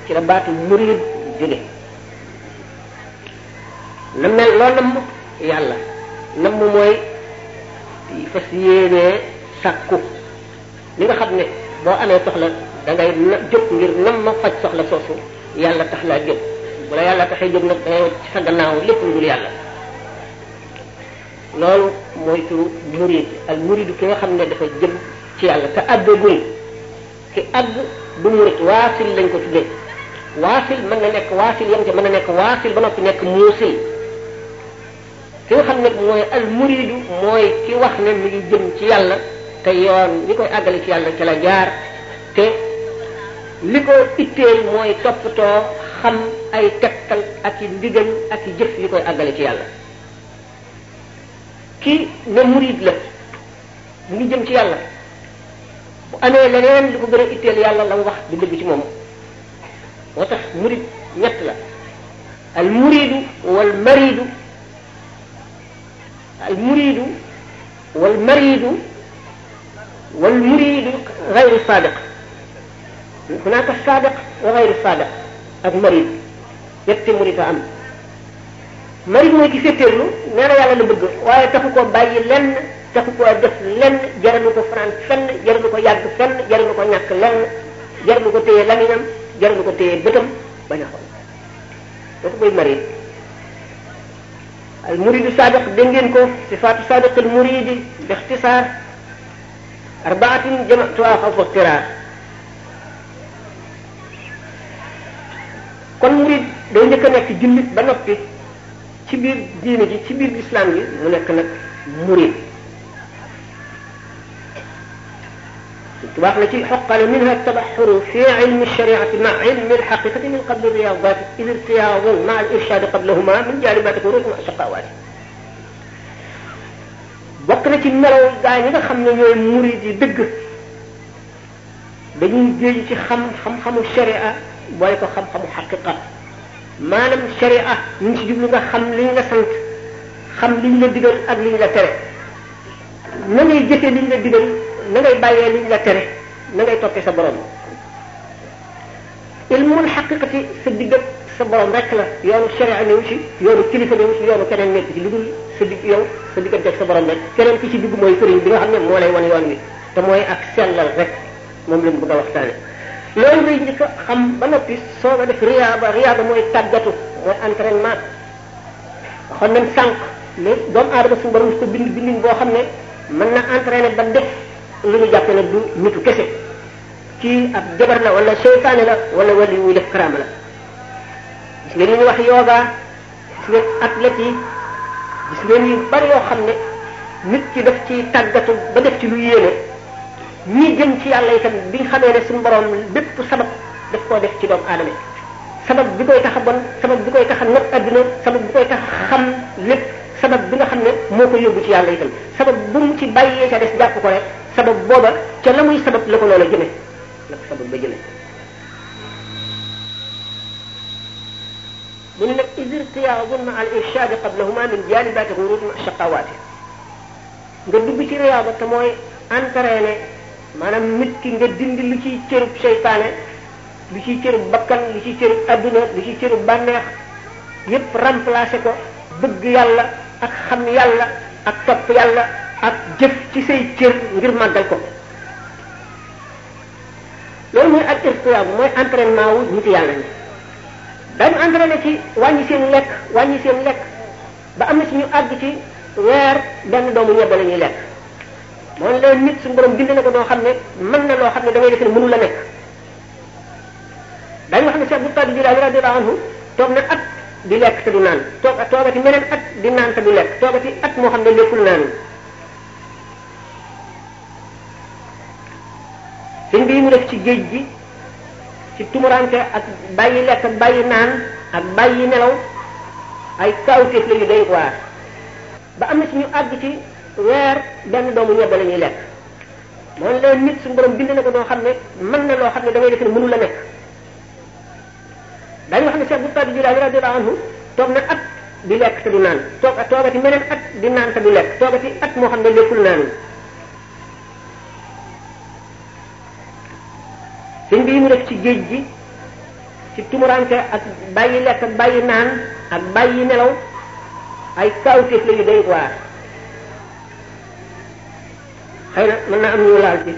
ci la baatu murid jóge loo namm yàlla namm mooy fas yéenee sàkku li nga xam ne boo amee soxla dangay ngay ngir nam ma faj soxla soosu yàlla tax laa jóg bu yàlla taxee jóg nag da ngay ci sa gannaaw lépp lu dul yàlla loolu mooy turu murid al muridu ki nga xam ne dafa jëm ci yàlla te àggagul ki àgg du murid waasil lañ ko tuddee waasil mën na nekk waasil yam ca mën na nekk waasil ba noppi nekk muusil ki nga xam ne mooy al mooy ki wax ne mi jëm ci yàlla te yoon ñi koy àggale ci yàlla ci la jaar te li ko itteel mooy toppatoo xam ay tegtal ak i ndigal ak i jëf li koy àggale ci yàlla ki ne murid la mu ngi jëm ci yàlla bu amee leneen li ko gën a itteel yàlla la mu wax di dëgg ci moom moo tax murid ñett la al muridu wal maridu al muridu wal maridu wal muridu gayru sadiq hunaka sadiq wa ghayru sadiq ak marid yetti murid a am marid mooy ki féttéerlu nee na yàlla la bëgg waaye taxu koo bàyyi lenn taxu koo def lenn jaralu ko France fenn jaralu ko yàgg fenn jaralu ko ñàkk lenn jaralu ko téye laminam jaralu ko téye bëtam bañ a xool kooku mooy marid al muridu sadiq dégg ngeen ko sifaatu sadiq al muridi bi ixtisaar arbaatin jamatuha xawfa ixtiraar kon murid day njëkk a nekk jullit ba noppi ci biir diine ji ci biir lislaam yi mu nekk nag murid tubaab la ci xoqale minha tabaxuru fi ilmi shariati ma ilmi alxaqiqati min qabli riyadat id irtiyaadan ma al irshadi qablahuma min jaalibaati ko ruusuma ashaqawaati bokk na ci melaw gaa ñi nga xam ne ñooy murid yi dëgg dañuy géej ci xam xam-xamu sharia booy ko xam-xamu xaqiqa maanaam sharia ñu ngi ci jublu nga xam li ñu la sant xam li ñu la digal ak li ñu la tere na ngay jëfee li ñu la digal na ngay bàyyee li ñu la tere na ngay toppee sa borom ilmul xaqiqati sa diggat sa borom rek la yoonu sharia newu ci yoonu kilifa newu ci yoonu keneen nekk ci lu dul sa digg yow sa diggante ak sa borom rek keneen ki ci dugg mooy sëriñ bi nga xam ne moo lay wan yoon wi te mooy ak sellal rek moom lañ bëgg a waxtaane loolu ngay njëkk xam ba noppi soo ko def riyaaba riyaaba mooy tàggatu mooy entraînement waxoon nañ sànq ne doomu aadama suñu borom ko bind bindin boo xam ne mën na entraîné ba def lu ñu jàppe ne du nitu kese ci ab jabar la wala seytaane la wala wali wuy def karaama la gis ngeen li ñuy wax yoga gis ngeen athlètes yi gis ngeen yu bari yoo xam ne nit ki def ci tàggatu ba def ci lu yéene ñi gën ci yàlla itam biñ xamee ne suñu borom bépp sabab daf koo def ci doomu aadama sabab bi koy tax a bon sabab bi koy tax a not adduna sabab koy tax xam lépp sabab bi nga xam ne moo ko yóbbu ci yàlla itam sabab bu mu ci bàyyee ca des jàpp ko rek sabab booba ca la muy sabab la ko loola jëme la ko ba jëme mu ne nag isirtiyaabun ma al irshad qablahuma min janibat ghurur ma shaqawati nga dugg ci riyaaba te mooy entraîné maanaam nit ki nga dindi lu ciy cërub seytaane lu ciy cërub bakkan lu ciy cërub adduna lu ciy cërub bànneex yépp remplacé ko bëgg yàlla ak xam yàlla ak topp yàlla ak jëf ci say cër ngir màggal ko loolu mooy ak irtiyaab mooy entraînement wu nit yàlla ni dañu entraîné ci wàññi seen lekk ba am na ci ñu àgg ci weer benn doomu ñebe la ñuy lekk moom la nit suñu borom bind na ko doo xam ne mën na loo xam ne da ngay def ne mënu la nekk daañu wax ne Cheikh Abdou Qadir Jilani radiyallahu anhu toog na at di lekk te du naan toog toogati meneen at di naan te du lekk toogati at moo xam ne lekkul naanu seen bii mu def ci géej gi ci tumuraanke ak bàyyi lekk ak bàyyi naan ak bàyyi nelaw ay kawtéef la yu doy waar ba am na ci ñu àgg ci weer benn doomu ñebe la ñuy lekk man leen nit suñu borom bind na ko doo xam ne mën na loo xam ne da def ne mënu la nekk daañu wax ne Cheikh Bouta bi Jilaani radiyallahu anhu toog na at di lekk te du naan toog toogati meneen at di naan te du lekk toogati at moo xam ne lekkul naan sëñ bi mu def ci géej gi ci tumuranke ak bàyyi lekk ak bàyyi naan ak bàyyi nelaw ay kawtéef la ñu doy waar xëy na am naa am ñu laal ci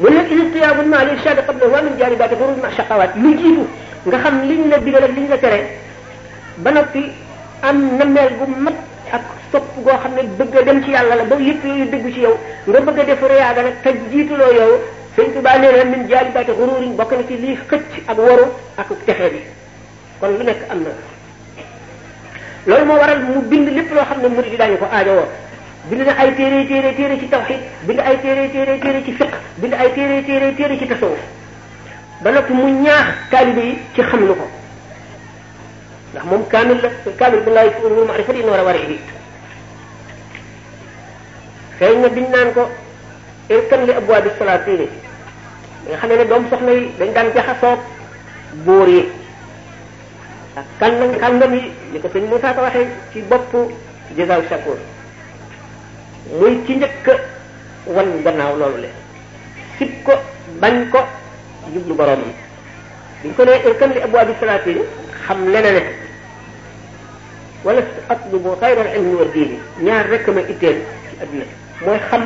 mu ne istiyaabu maal irshad qablahu wa min jaanibaati xuruj ma shaqawaat lu jiitu nga xam liñ la digal ak liñ la tere ba noppi am nameel bu mat ak sopp goo xam ne bëgg a dem ci yàlla la ba yëpp yooyu dëgg ci yow nga bëgg a def riyaada nag te jiituloo yow sëñ Tuubaa nee na min jaalibaati xuruuriñ bokk na ci lii xëcc ak waru ak texe kon lu nekk am na loolu moo waral mu bind lépp loo xam ne murid yi daañu ko aajowoo bind na ay téere téere téere ci tawxid bind ay téere téere téere ci fiq bind ay téere téere téere ci tasawuf ba mu ñaax taalibe yi ci xam lu ko ndax moom kaamil la kaamil bu laay ulumul maarifa yi war a war a indi xëy na biñ naan ko irkan li abwaabi salaatini nga xam ne doom soxna yi dañ daan jaxasoog góor yi ak kàngam kàngam yi li ko sëñ Moussa ko waxee ci bopp Jazaaw Shakur muy ci njëkk wan gannaaw loolu le sib ko bañ ko jublu boroomam bi ñu ko nee li abwaabi salaatin xam leneen wala atlubu xayral ilmi wa diini ñaar rek ma itteel ci adduna mooy xam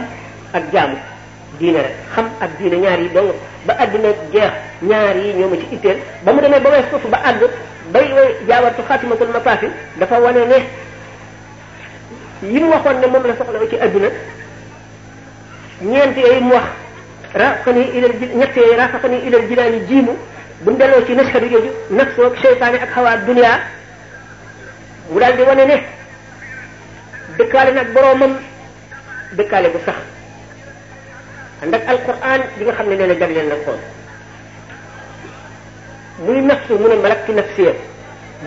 ak jaamu diine rek xam ak diine ñaar yi dong ba adduna jeex ñaar yi ñoo ci itteel ba mu demee ba wees foofu ba àgg bay way jaawartu xaatimatul mafaafi dafa wane ne yi mu waxoon ne moom la soxla ci adduna ñeent yooyu mu wax raaqani ilal ji ñett yooyu jiimu buñ delloo ci nashadu jooju nafsu ak seytaane ak xawaa dunia mu daal di wane ne dëkkaale nag boroomam dëkkaale bu sax ànd ak alquran bi nga xam ne nee na jagleel na xool muy nafsu mu ne malaktu nafsiyam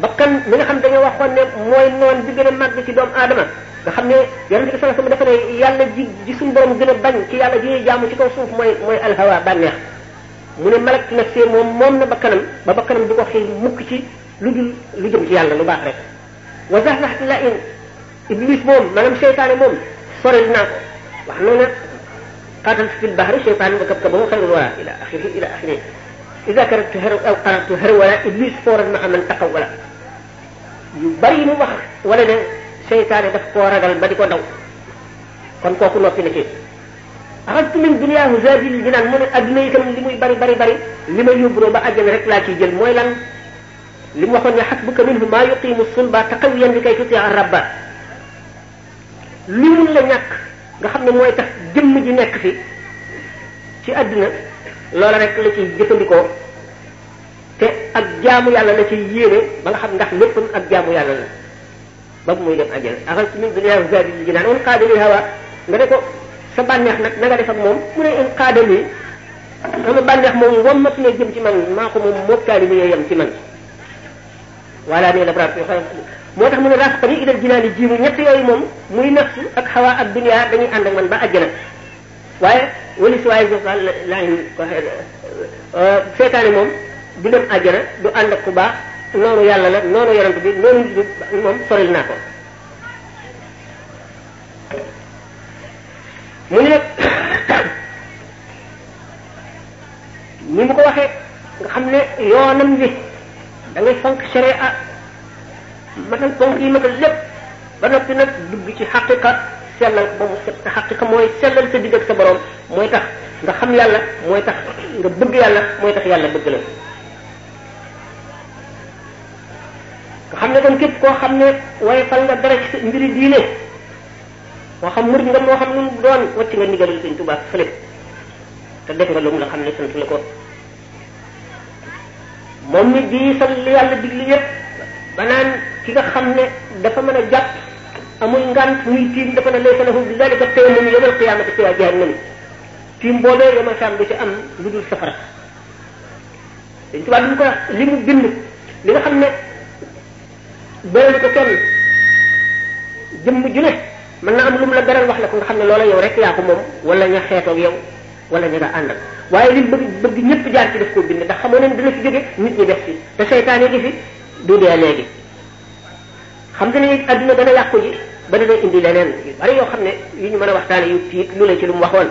bakkan mi nga xam dañoo waxoon ne mooy noon bi gën a màgg ci doomu aadama nga xam ne yonente bi sallallahu alayhi wasallam dafa ne yàlla ji ji suñu borom gën a bañ ci yàlla ji ñuy jaamu ci kaw suuf mooy mooy alhawa bànneex mu ne malak nafsi moom moom na bakkanam ba bakkanam du ko xëy mukk ci lu dul lu jëm ci yàlla lu baax rek wa zahzahtu la in iblis moom maanaam seytaane moom soril naa ko wax noonu nag qatal fil bahri seytaane ba kab kabahu xayrul wara ila axirihi ila axirihi ida karatu har aw qaratu har wala iblis foorat ma aman taqaw wala yu bari mu wax wala ne seytaane daf koo ragal ba di ko daw ko kooku noppi na ci axastu min dunya huzadil di naan mu ne adduna yi li muy bari bari bari li may yóbbuloo ba àjjana rek laa ciy jël mooy lan li mu waxoon ne hasbuka minhu ma yuqimu sulba taqawiyan li kay tuti rabba li mun la ñàkk nga xam ne mooy tax jëmm ji nekk fi ci adduna loola rek la ciy jëfandikoo ak jaamu yàlla la ci yéene ba nga xam ndax lépp ak jaamu yàlla la ba muy dem àjjana axal ci min dunya zaadi li hawa nga ne ko sa bànneex nag na nga def ak moom mu ne un qaadali sama bànneex moom wommat ne jëm ci man maa ko moom moog taali bi yem ci man voilà nee la brab moo tax mu ne raas yi idal jinaani jiimu ñett yooyu moom muy nafsu ak xawa ak dunya dañuy ànd ak man ba àjjana waaye wali si waaye jox laay ko euh, seetaane moom du dem àjjana du ànd ak ku baax noonu yàlla la noonu yonent bi noonu moom soril naa ko mu ne nag ni mu ko waxee nga xam ne yoonam bi da ngay fonk sharia matal ponk yi matal lépp ba noppi nag dugg ci xaqiqa sellal ba mu set sellal sa digg sa borom mooy tax nga xam yàlla mooy tax nga bëgg yàlla mooy tax yàlla bëgg la nga xam ne kon képp koo xam ne woyofal nga dara ci mbiri diine moo xam murid nga moo xam lu mu doon wacc nga ndigalal Sëriñ Tuubaa fële te def nga lu mu la xam ne sant la ko moom mi di sal li yàlla digli yépp ki nga xam dafa mën a jàpp amul ngant muy dafa ne laysa bi dalika tayammum yawmal qiyaamati siwaa jahannam tiim boobee yawmal qiyaam du ci am lu dul mu ko li mu bind li nga xam ne beral ko kenn jëmm ju ne mën na am lu mu la beral wax la ko nga xam ne loola yow rek yaa ko moom wala ña xeetoog yow wala ña nga àndal waaye li bëgg bëgg ñëpp jaar ci daf koo bind ndax xamoo ne dina fi jóge nit ñi def ci te seytaan yi gi fi du dee léegi xam nga ne adduna dana yàqu ji ba dana indi leneen yu bari yoo xam ne yu ñu mën a waxtaane yu tiit lu ne ci lu mu waxoon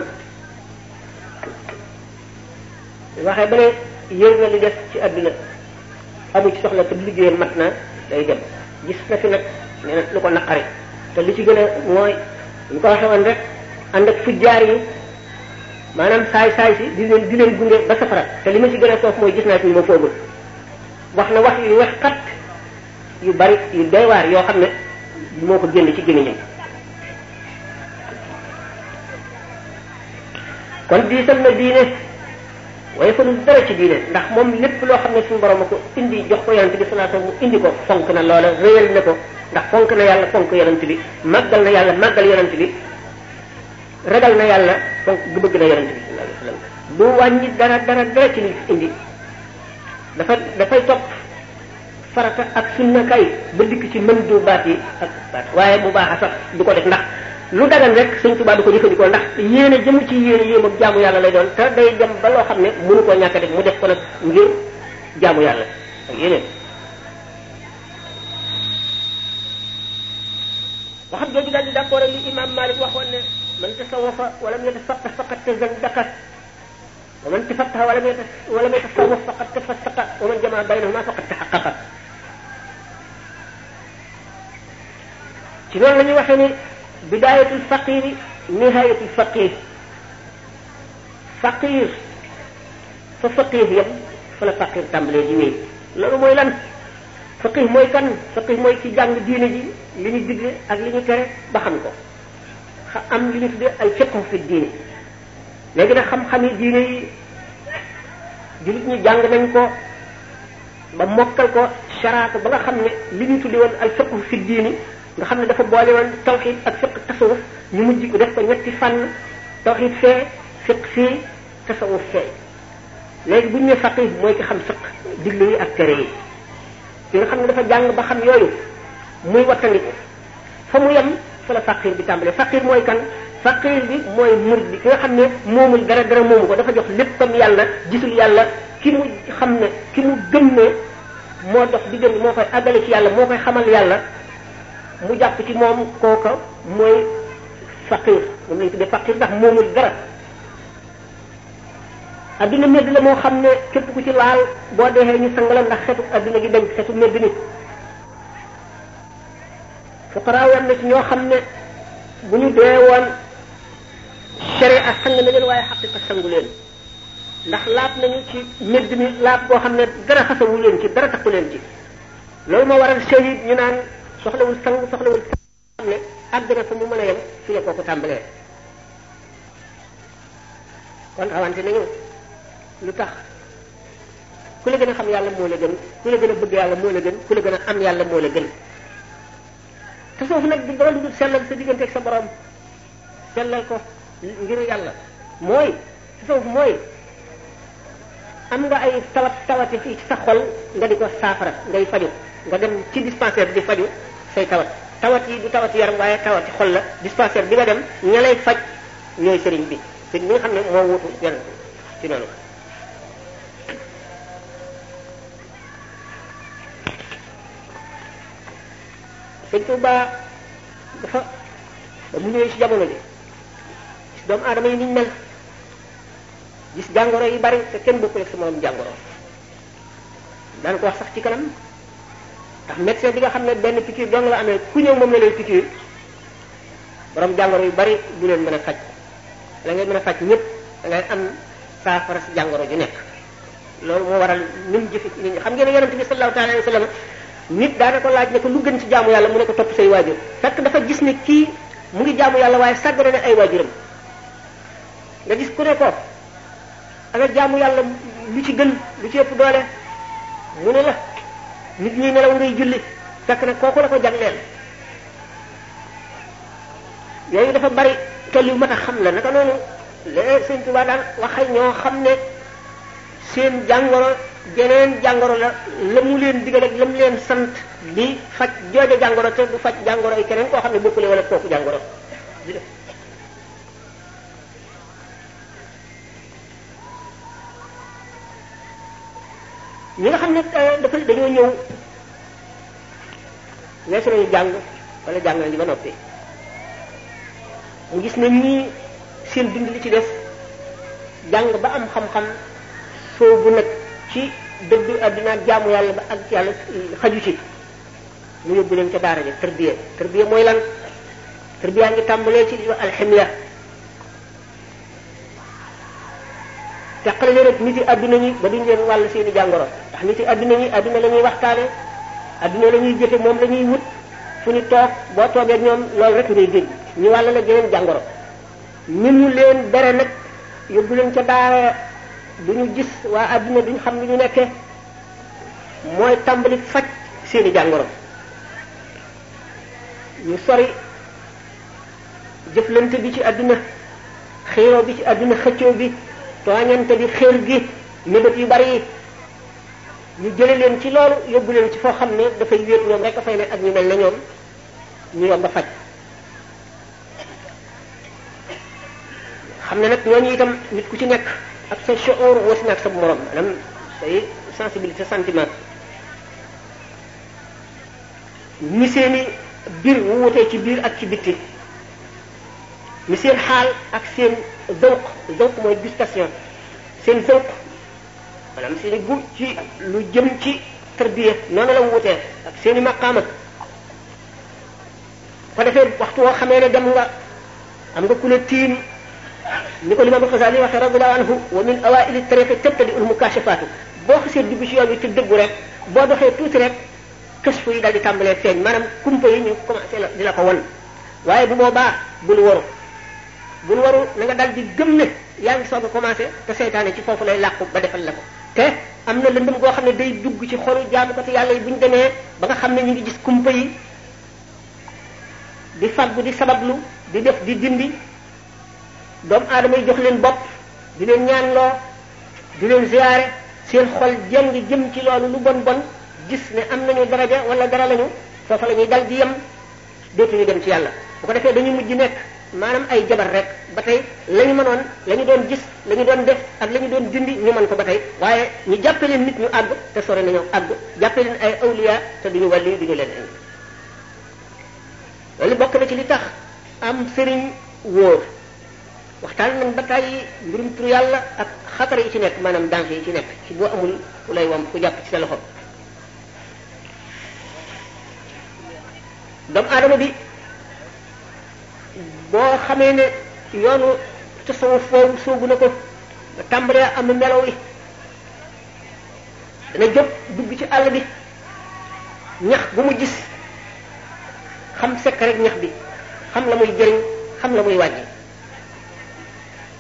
waxee ba ne yër na li def ci àdduna amu ci soxla te liggéeyam mat na day dem gis na fi nag nee na lu ko naqari te lu ci gën a mooy ñu ko waxee woon rek ànd ak fujjaar yi maanaam saay saay si di leen di leen gunge ba safara te li ma ci gën a soof mooy gis naa ci ñu ma foogul wax na wax yu wex xat yu bari yu doy waar yoo xam ne moo ko génn ci gémmiñam kon diisal na diine waaye fa dara ci diine ndax moom lépp loo xam ne suñu borom a ko indi jox ko yonent bi salaatu mu indi ko fonk na loola réyal na ko ndax fonk na yàlla fonk yonent bi màggal na yàlla màggal yonent bi ragal na yàlla fonk du bëgg na yonent bi sallallahu alayhi wasallam du wàññi dara dara dara ci li indi dafa dafay topp farata ak sunna kay ba dikk ci mën du baat yi ak baat waaye bu baax a sax du ko def ndax lu dagan rek sëñ Tuubaa du ko jëfandikoo ndax yéene jëm ci yéene yéem ak jaamu yàlla lay doon te day dem ba loo xam ne mënu koo ñàkk def mu def ko nag ngir jaamu yàlla ak yéeneen waxam jooju daal di d'accord li imam Malik waxoon ne man tasawafa wala mu yatafaqa faqad tazandaqa wa man tafaqqaha wala wala mu jamaa baynahuma faqad tahaqqaqa ci loolu la ñuy bidaayatul faqiiri nihaayatul faqiir faqiir fa faqiir yëpp fa la faqiir tàmbalee di wéy loolu mooy lan faqih mooy kan faqih mooy ci jàng diine ji li ñu digle ak li ñu tere ba xam ko xa am li ñu tuddee al fiqh fi diine léegi nag xam-xam yi diine yi jullit ñi jàng nañ ko ba mokkal ko sharaat ba nga xam ne li ñu tuddee woon al fiqh fi diine nga xam ne dafa boole woon tawxid ak fiq tasawuf ñu mujj def ko ñetti fànn tawxid fee fiq fii tasawuf fee léegi bu ñu nee faqih mooy xam fiq diglu yi ak tere yi ki nga xam ne dafa jàng ba xam yooyu muy wattandiku fa mu yem fa la faqir bi tàmbalee mooy kan faqir bi mooy murid bi ki nga xam ne moomul dara dara moomu ko dafa jox léppam yàlla gisul yàlla ki mu xam ne ki mu gëm ne moo dox diggante moo koy àggale ci yàlla moo koy xamal yàlla mu jàpp ci moom kooka mooy faqir moom lañu tuddee faqir ndax moomul dara adduna medd la moo xam ne képp ku ci laal boo deexee ñu sangala ndax xetu adduna gi dañ xetu medd nit fuqaraa war na ci ñoo xam ne bu ñu dee woon sere a sang na leen waaye xaqiqa ndax laab nañu ci medd mi laab boo xam ne dara xasawu leen ci dara takku ci loolu moo waral shahid ñu naan soxlawul sangu soxlawul xam ne àgg na fa mu mën a yem fi la kooku tàmbalee kon rawante nañu lu tax ku la gën a xam yàlla moo la gën ku la gën a bëgg yàlla moo la gën ku la gën a am yàlla moo la gën te foofu nag di doon dul sellal sa diggante ak sa borom sellal ko ngir yàlla mooy tasawuf mooy am nga ay tawat tawati fii ci sa xol nga di ko saafara ngay faju nga dem ci dispensaire di faju say tawat tawat yi du tawat yaram waaye tawat xol la dispensaire bi nga dem ña lay faj ñooy sëriñ bi sëriñ bi nga xam ne moo wutu yonent ci noonu sëñ Tuuba gis doomu aadama yi niñ mel gis jàngoro yi bari te kenn bokkul ak sa jàngoro daan wax sax ci kanam ndax médecin bi nga xam ne benn piqûre dong la amee ku ñëw moom la lay piqûre borom jàngoro yu bari du leen mën a faj la ngay mën a faj ñëpp da ngay am saafara jàngoro ju nekk loolu moo waral ni mu nit ñi xam ngeen ne yonente bi sallallahu alayhi wa sallam nit daana ko laaj ne ko lu gën ci jaamu yàlla mu ne ko topp say waajur fekk dafa gis ne kii mu ngi jaamu yàlla waaye sàggane na ay waajuram nga gis ku ne ko ana jaamu yàlla lu ci gën lu ci ëpp doole mu ne la nit ñi nelaw ngay julli fekk na kooku la ko jagleel yooyu dafa bari te li mat a xam la naka noonu léeg sëñ Tuba daan waxe ñoo xam ne seen jàngoro jeneen jàngoro la la mu leen digal ak la mu leen sant di faj jooje jàngoro te du faj jàngoro yi keneen koo xam ne bokkule wala kooku jàngoro ñi nga xam ne euh, dafa dañoo ñëw weesu nañu jàng wala jàng nañu ba noppi mu gis ne ñii seen li ci def jàng ba am xam-xam soobu nag ci dëgg àddina ak jaamu yàlla ba ak yàlla euh, xaju ci mu yóbbu leen ca daara ja tërbiya tërbiya mooy lan tërbiya ngi tàmbalee ci li teqale leen ak nit yi adduna ñi ba duñ leen wàll seeni jàngoro ndax nit yi àdduna ñi adduna la ñuy waxtaane adduna la ñuy jëfe moom la ñuy wut fu ñu toog boo toogee ñoom loolu rek ngay dégg ñu wàll la jeneen jàngoro nit ñu leen bere nag yóbbu leen ca daara duñu gis waa adduna duñ xam li ñu nekkee mooy tàmbali faj seeni jàngoro ñu sori jëflante bi ci àdduna xiiroo bi ci adduna xëccoo bi tooñante bi xër gi mébét yu bari yi ñu jële leen ci loolu yóbbu leen ci foo xam ne dafay wéet ñoom rek a ne ak ñu mel ne ñoom ñu yomb faj xam ne nag ñu itam nit ku ci nekk ak sa shuur wasi na ak sa morom maanaam say sensibilité sentiment ni seeni biir wu wutee ci biir ak ci bitti ni seen xaal ak seen zawq zawq mooy gustation seen zawq maanaam seen i gu ci lu jëm ci tarbiya noonu la wutee ak seen i maqaam ak ko defee waxtu woo xamee ne dem nga am nga ku la tiim ni ko limaam Xasaali waxe radiyallahu anhu wa min awaili tariqi tabtadi ul mukashafaatu boo xasee dugg ci yoon bi te dëggu rek boo doxee tuuti rek kësfu yi daal di tàmbalee feeñ maanaam kumpa yi ñu commencé la di la ko won waaye bu boobaa bul waru bul waru na nga dal di gëm ne yaa ngi soog a commencé te seytaane ci foofu lay làqu ba defal la ko te am na lëndëm goo xam ne day dugg ci xolu jaamukatu yàlla yi bu ñu demee ba nga xam ne ñu ngi gis kumpa yi di faggu di sabablu di def di dindi doomu aadama yi jox leen bopp di leen ñaanloo di leen ziyaare seen xol jeng jëm ci loolu lu bon bon gis ne am nañu daraja wala dara lañu foofa la ñuy dal di yem dootuñu dem ci yàlla bu ko defee dañu mujj maanaam ay jabar rek ba tey lañu ñu mënoon la doon gis lañu doon def ak la ñu doon dindi ñu mën ko ba tey waaye ñu jàppe leen nit ñu àgg te sore nañu àgg jàppe leen ay awliya te duñu wàlli duñu leen indi loolu bokk na ci li tax am sëriñ wóor waxtaan nañ ba tàyyi mbirum tur yàlla ak xatar yi ci nekk maanaam danger yi ci nekk ci boo amul ku lay wam ku jàpp ci sa loxo doomu aadama bi boo xamee ne yoonu tasawuf foofu soobu na ko ba tàmbalee am melaw yi dana jóg dugg ci àll bi ñax bu mu gis xam sekk ñax bi xam la muy jëriñ xam la muy wàññi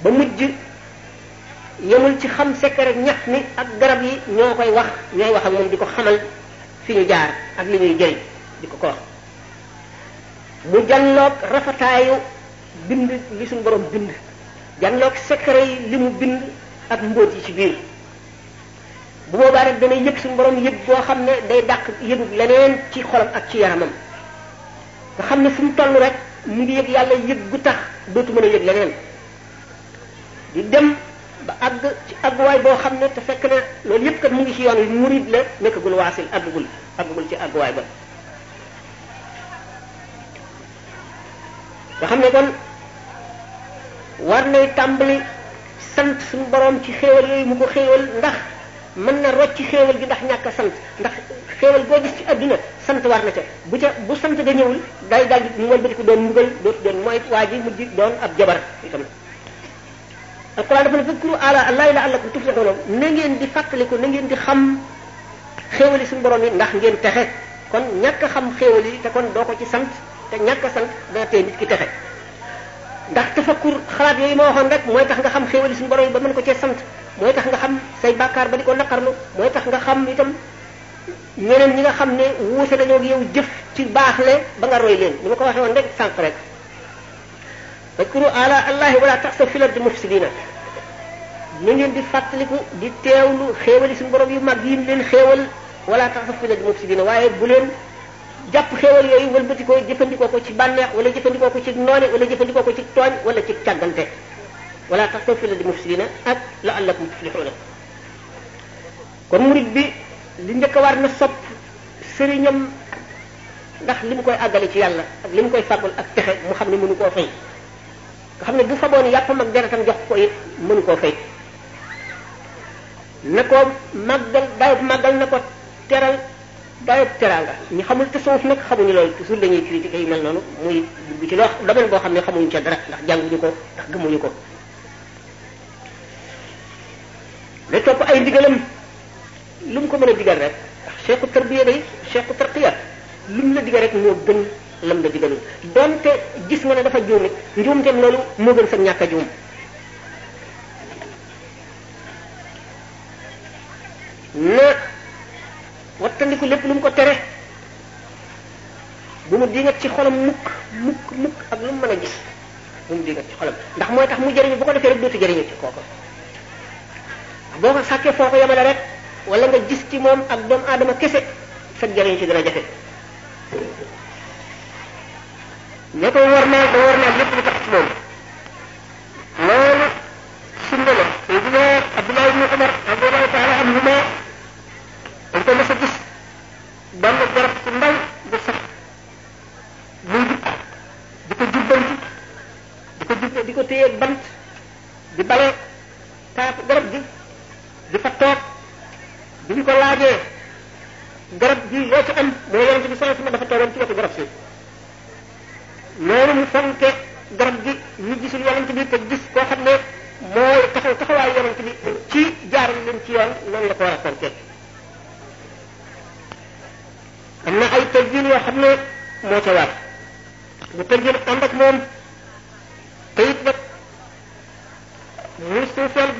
ba mujj yemul ci xam sekk rek ñax mi ak garab yi ñoo koy wax ñooy wax ak moom di ko xamal fi ñu jaar ak li ñuy jëriñ di ko ko wax mu jàlloog rafetaayu bind li suñu borom bind jàngloog secret yi li mu bind ak mbóot yi ci biir bu boobaa rek dana yëg suñu borom yëg boo xam ne day dàq yëgub leneen ci xolam ak ci yaramam nga xam ne fu mu toll rek mu ngi yëg yàlla yëg gu tax dootu mën a yëg leneen di dem ba àgg ci àgguwaay boo xam ne te fekk na loolu yëpp kat mu ngi ci yoon wi murid la nekkagul waasil àggagul àggagul ci àgguwaay ba nga xam ne kon war nay tàmbali sant suñu borom ci xéewal yooyu mu ko xéewal ndax mën na rocc xéewal gi ndax ñàkk sant ndax xéewal boo gis ci àdduna sant war na ca bu ca bu sant ga ñëwul day dal mu wëlbatiku doon mbugal dootu doon mooy waa ji mujj doon ab jabar itam alquran dafa ne fakkuru ala allahi la allakum tuflihuna na ngeen di fàttaliku na ngeen di xam xéewal yi suñu borom yi ndax ngeen texe kon ñàkk a xam xéewal yi te kon doo ko ci sant te ñàkk a sant dana tey nit ki texe ndax tafakkur xalaat yooyu ma waxoon rek mooy tax nga xam xéewali suñu borom ba mën ko cee sant mooy tax nga xam say bàkkaar ba di ko naqarlu mooy tax nga xam itam ñeneen ñi nga xam ne wuute nañoo ak yow jëf ci baax le ba nga roy leen ni ma ko waxee woon rek sànq rek fakuru ala allahi wala taxsa fi lardi mufsidina na ngeen di fàttaliku di teewlu xéewali suñu borom yu mag yi leen xéewal wala taxsa fi lardi mufsidina waaye bu leen jàpp xéewal yooyu wëlbati ko jëfandikoo ko ci bànneex wala jëfandikoo ko ci noone wala jëfandikoo ko ci tooñ wala ci càggante wala tax taw fi la di mufsidina ak la allakum tuflixuuna kon murid bi li njëkk war na sopp sëriñam ndax li mu koy àggale ci yàlla ak li mu koy fàggul ak pexe mu xam ne mënu koo fay xam ne bu faboon yàppam ak deretam jox ko it koo fay na ko màggal dayub màggal na ko teral dayoo teraanga ñi xamul tasawuf nag xamuñu loolu toujours dañuy critiquer yu mel noonu muy dugg ci loo domaine boo xam ne xamuñu ca dara ndax jànguñu ko ndax gëmuñu ko. day topp ay ndigalam lu mu ko mën a digal rek ndax cheikhu tarbiya day cheikhu tarqiya lu mu la digal rek moo gën lam la digalul donte gis nga ne dafa juum it njuumteem loolu moo gën sa ñàkk a juum. na. wattandiku lépp lu mu ko tere bu mu dingat ci xolam mukk mukk mukk ak lu mu mën a gis bu mu dingat ci xolam ndax mooy tax mu jariñ bu ko defee rek dootu jëriñu ci kooku boo ko sàkkee foo ko yemale rek wala nga gis ci moom ak doomu adama kese sa jëriñu ci dana jafe ñe war naa da war naa lépp lu tax moom loolu sunna la Seydina Abdullah ibn Umar radiyallahu taala anhuma dañ ko mës a gis benn garab ku ndaw bu sax di ko jubbanti di ko jub di ko téye bant di bale taatu garab gi di fa toog bi ko laajee garab gi loo ci am mooy yonente bi sallallahu alayhi wasallam dafa toogoon ci wetu garab si loolu mu fonke garab gi ñu gisul yonente bi te gis koo xam ne mooy taxaw taxawaayu yonente bi ci jaar leen ci yoon loolu la ko war a fonke tëggin yoo xam ne moo ca war ñu tëggin ànd ak moom te it nag mu suufeel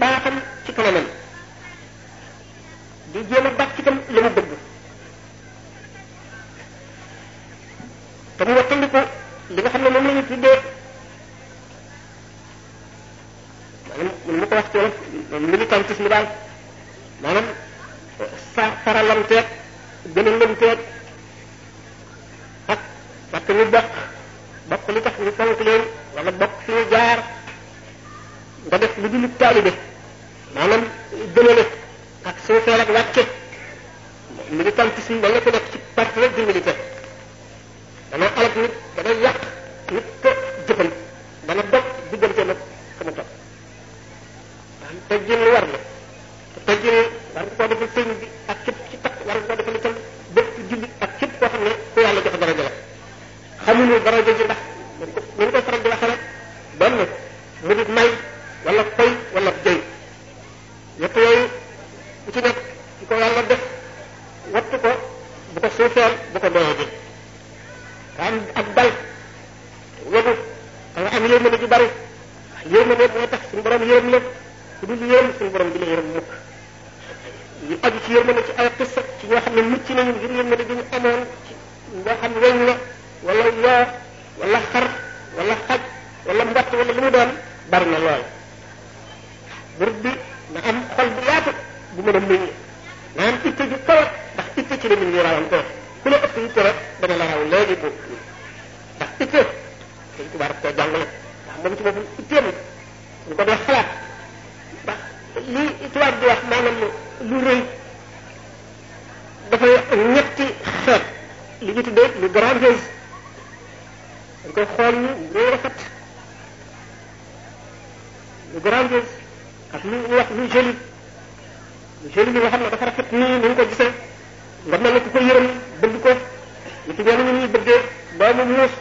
ci noonu ñuy bëggee doomu muus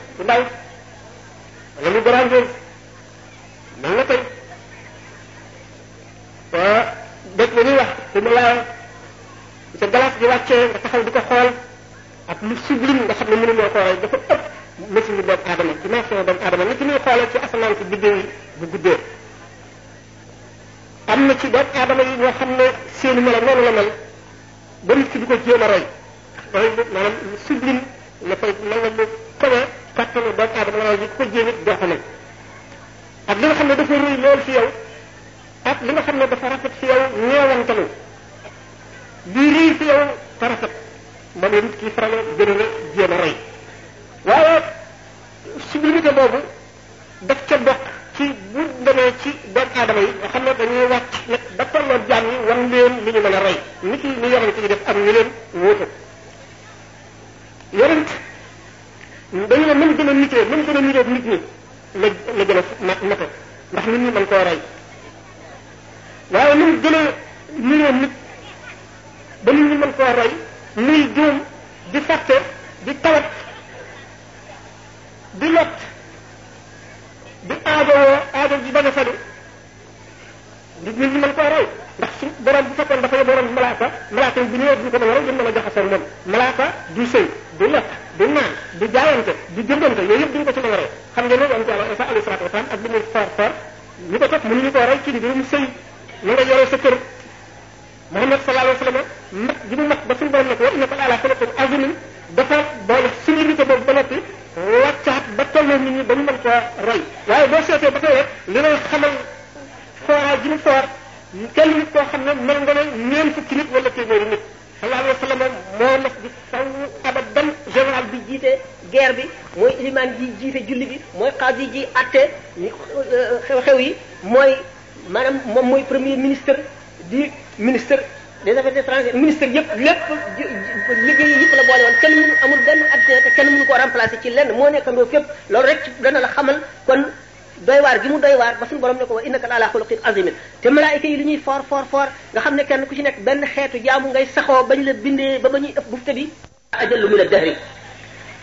yi li ñuy for for for nga xam ne kenn ku ci nekk benn xeetu jaamu ngay saxoo bañ la bindee ba ba ñuy ëpp bufte bi ajallu min ad-dahri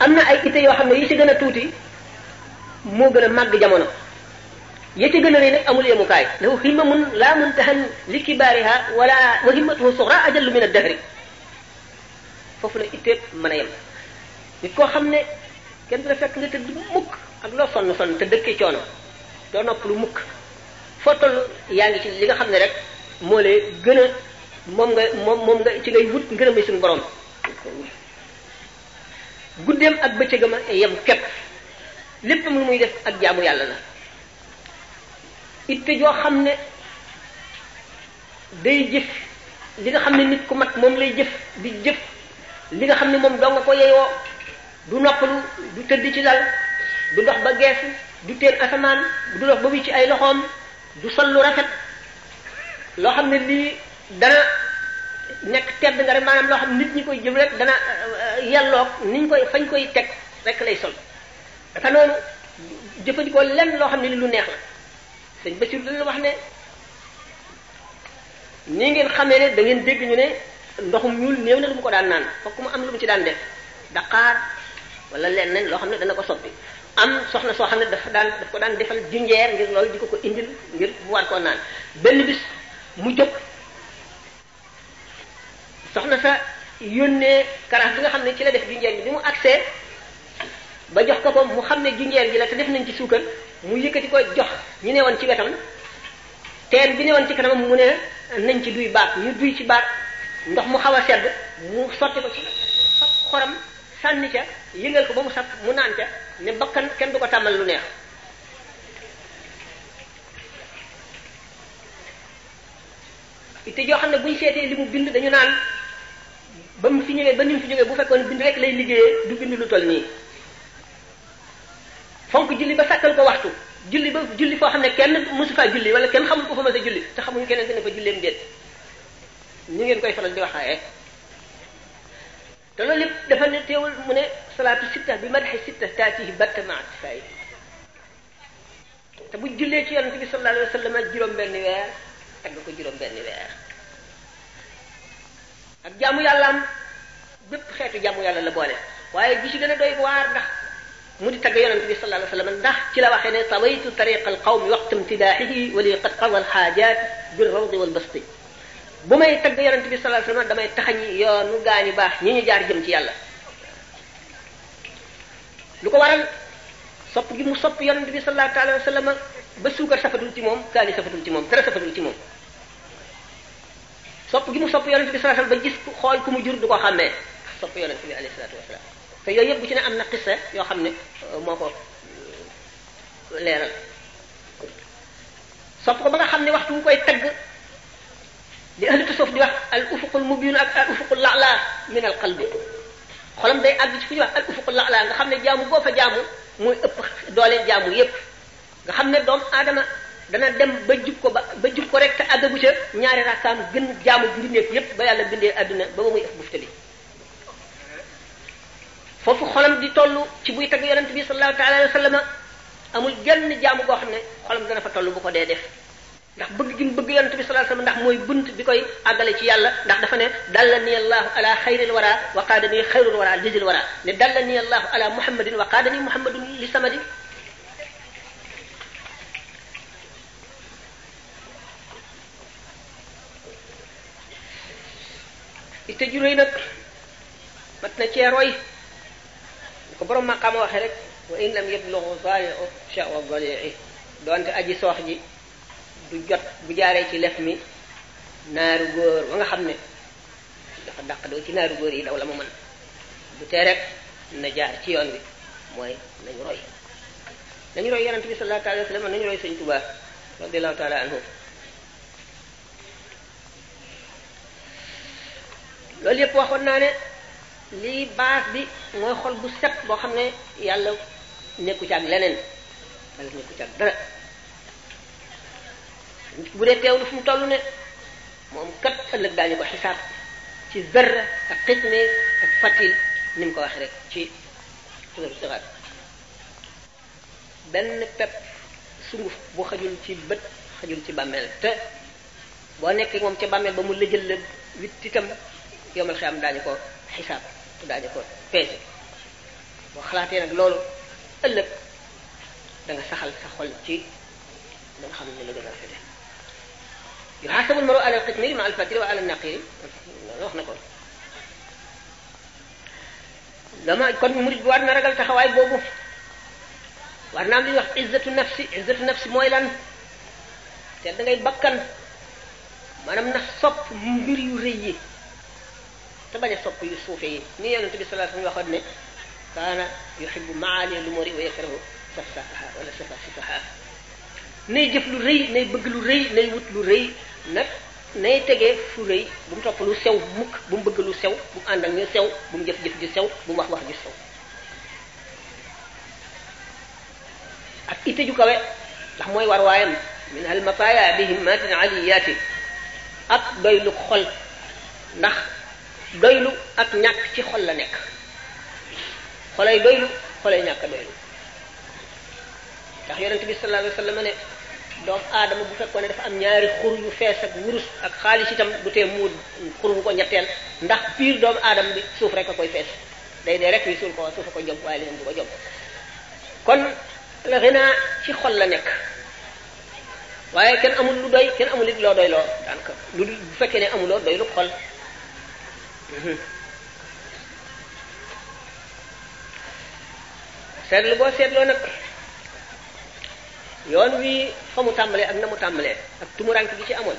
am na ay itte yoo xam ne yi ci gën a tuuti moo gën a màgg jamono ya ci gën a rëy nag amul yemukaay lahu himmamun laa muntahan li a wala wa himmatuhu sughra ajallu min a dahri foofu ne itte mën a yem nit koo xam ne kenn du la fekk nga tëdd mukk ak loo sonn sonn te dëkkee coono doo nopp lu mukk foo toll yaa ngi ci li nga xam ne rek moo lay gën a moom nga moom moom nga ci ngay wut ngërëm yi suñu borom guddeem ak bëccëgam yem képp lépp lu muy def ak jaamu yàlla la itte joo xam ne day jëf li nga xam ne nit ku mat moom lay jëf di jëf li nga xam ne moom doo nga ko yeyoo du noppalu du tëdd ci dal du dox ba geesu du teen asamaan du dox ba wicc ay loxoom du sol lu rafet loo xam ne lii dana nekk tedd nga rek maanaam loo xam nit ñi koy jëm rek dana euh, yelloog niñ koy fañ koy teg rek lay sol dafa noonu koo lenn loo xam ne li lu neex la sëñ Bachir lu wax ne nii ngeen xamee ne da ngeen dégg ñu ne ndoxum ñuul néew na lu mu ko daan naan fokk mu am lu mu ci daan def daqaar wala lenn loo xam ne dana ko soppi am soxna soo xam ne dafa daan daf ko daan defal junjeer ngir loolu di ko ko indil ngir bu war koo naan benn bis mu jóg soxna sa yónnee karaas bi nga xam ne ci la def junjeer bi bi mu agsee ba jox ko ko mu xam ne junjeer ji la te def nañ ci suukar mu yëkkati ko jox ñu ne woon ci wetam teen bi ne woon ci kanamam mu ne nañ ci duy baat ñu duy ci baat ndox mu xaw a sedd mu sotti ko ci xoram sànni ca yëngal ko ba mu saf mu naan ca ne bakkan kenn du ko tàmmal lu neex itte joo xam ne buy seetee li mu bind dañu naan ba mu fi ñëwee ba ni mu fi jógee bu fekkoon bind rek lay liggéeyee du bind lu toll nii fonk julli ba sàkkal ko waxtu julli ba julli foo xam ne kenn mësu faa julli wala kenn xamul ko fa mës a julli te xamuñu keneen te ne fa julleem déet ñu ngeen koy faral di waxaaye te loolu lépp dafa ne teewul mu ne salaatu sitta bi madxi sitta taatihi batta ma attifaay te bu jullee ci yonent bi sallallahu alayhi wa sallam juróom-benn weer tagg ko juróom-benn weer ak jaamu yàllaam bépp xeetu jaamu yàlla la boole waaye gi ci gën a doy waar ndax mu di tagg yonent bi sallallahu alayhi wa sallam ndax ci la waxee ne tawaytu tariqa alqawmi waqta imtidaaxihi wa li qad qada alxaajaat bi rawdi wal basti bu may tagg yonent bi sallallahu alayhi wasallam damay taxañ yoonu gaa ñu baax ñi ñu jaar jëm ci yàlla lu ko waral sopp gi mu sopp yonent bi sallallahu alayhi wasallam ba suukar safatul ci moom kaani safatul ci moom dara safatul ci moom sopp gi bi sallallahu alayhi wasallam gis xool ku mu jur du ko xàmmee sopp yonent bi alayhi salaatu wasalaam te yooyu yëpp bu ci ne am na xissa yoo xam ne euh, moo ko euh, leeral sopp ko ba nga xam ne waxtu wu koy tagg li ahlu tasawuf di wax al ufuqul mubin ak al ufuqul la'la min al qalbi xolam day àgg ci fu ñuy wax al ufuqul la'la nga xam ne jaamu boo fa jàmm mooy ëpp doole jaamu yépp nga xam ne doomu aadama dana dem ba jub ko ba ba jub ko rek te àggagu ca ñaari rakkaam gën jaamu mbindeef yépp ba yàlla bindee àdduna ba ba muy ëpp buftali foofu xolam di toll ci buy tagg yonent bi sallallahu taala alayhi wa sallama amul genn jaamu goo xam ne xolam dana fa toll bu ko dee def ndax bëgg i mu bëgg yonent bi sallallahu alayhi wasallam ndax mooy bunt bi koy àggale ci yàlla ndax dafa ne dalla ni allahu ala xayril wara wa qaadani xayrul wara jëjil wara ne dalla ni ala muhammadin wa qaadani li samadi te juróoy mat na cee roy ko borom maqaama waxee rek wa in lam yablughu zaayi'u sha'wa aji soox du jot bu jaaree ci lef mi naaru góor ba nga xam ne dafa dàq doo ci naaru góor yi daw la mu mën bu tee na jaar ci yoon wi mooy nañu roy nañu roy yonent bi sallallahu alayhi wa sallam nañu roy sëñ Tuubaa radiyallahu taala anhu loolu yëpp waxoon naa ne lii baas bi mooy xol bu set boo xam ne yàlla nekku ci ak leneen wala nekku ci ak dara bu dee teew fu mu toll ne moom kat ëllëg daañu ko xisaab ci zarra ak xisne ak fatil ni mu ko waxee rek ci benn pepp sunguf bu xajul ci bët xajul ci bàmmeel te boo nekkee moom ci bàmmeel ba mu lëjël la wit itam yomal xiyam ko xisaab te daañu ko peese boo xalaatee nag loolu ëllëg da saxal sa xol ci da nga xam ne la gën a يحاسب المرء على القتمير مع الفجر وعلى النقير wax na ko dama kon murid bi war na ragal taxawaay boobu war naa am li ñuy wax izzatu nafsi izzatu nafsi mooy lan te da ngay bakkan maanaam na sopp mbir yu rëy yi te bañ a yu suuf yi ni yonente bi sallallahu alayhi wa sallam waxoon ne kaana yuhibbu maali al-umuri wa yakrahu safsafaha wala safasafaha nay jëf lu rëy bëgg lu rëy nay wut lu rëy nag nay tegee fu rëy bu mu topp lu sew mukk bu mu bëgg lu sew bu mu ànd ak ñu sew bu mu jëf-jëf ju sew bu mu wax wax ju sew ak itte ju kawe ndax mooy war waayam min al mataaya bi himmatin aliyaati ak doylu xol ndax doylu ak ñàkk ci xol la nekk xolay doylu xolay ñàkk doylu ndax yonente bi sallallahu alayhi wa ne doomu aadama bu fekkoon ne dafa am ñaari xur yu fees ak wurus ak xaalis tam bu tee muut xur bu ko ñetteel ndax biir doomu aadama bi suuf rekk a koy fees day dee rek ñu suul ko suuf a ko job waaye leneen ko job kon la la nekk waaye kenn amul lu doy kenn loo doy loo daanaka lu bu fekkee ne amuloo doy lu xol seetlu boo seetloo nag yoon wi fa mu tàmbalee ak na mu tàmbalee ak tumurank gi ci amoon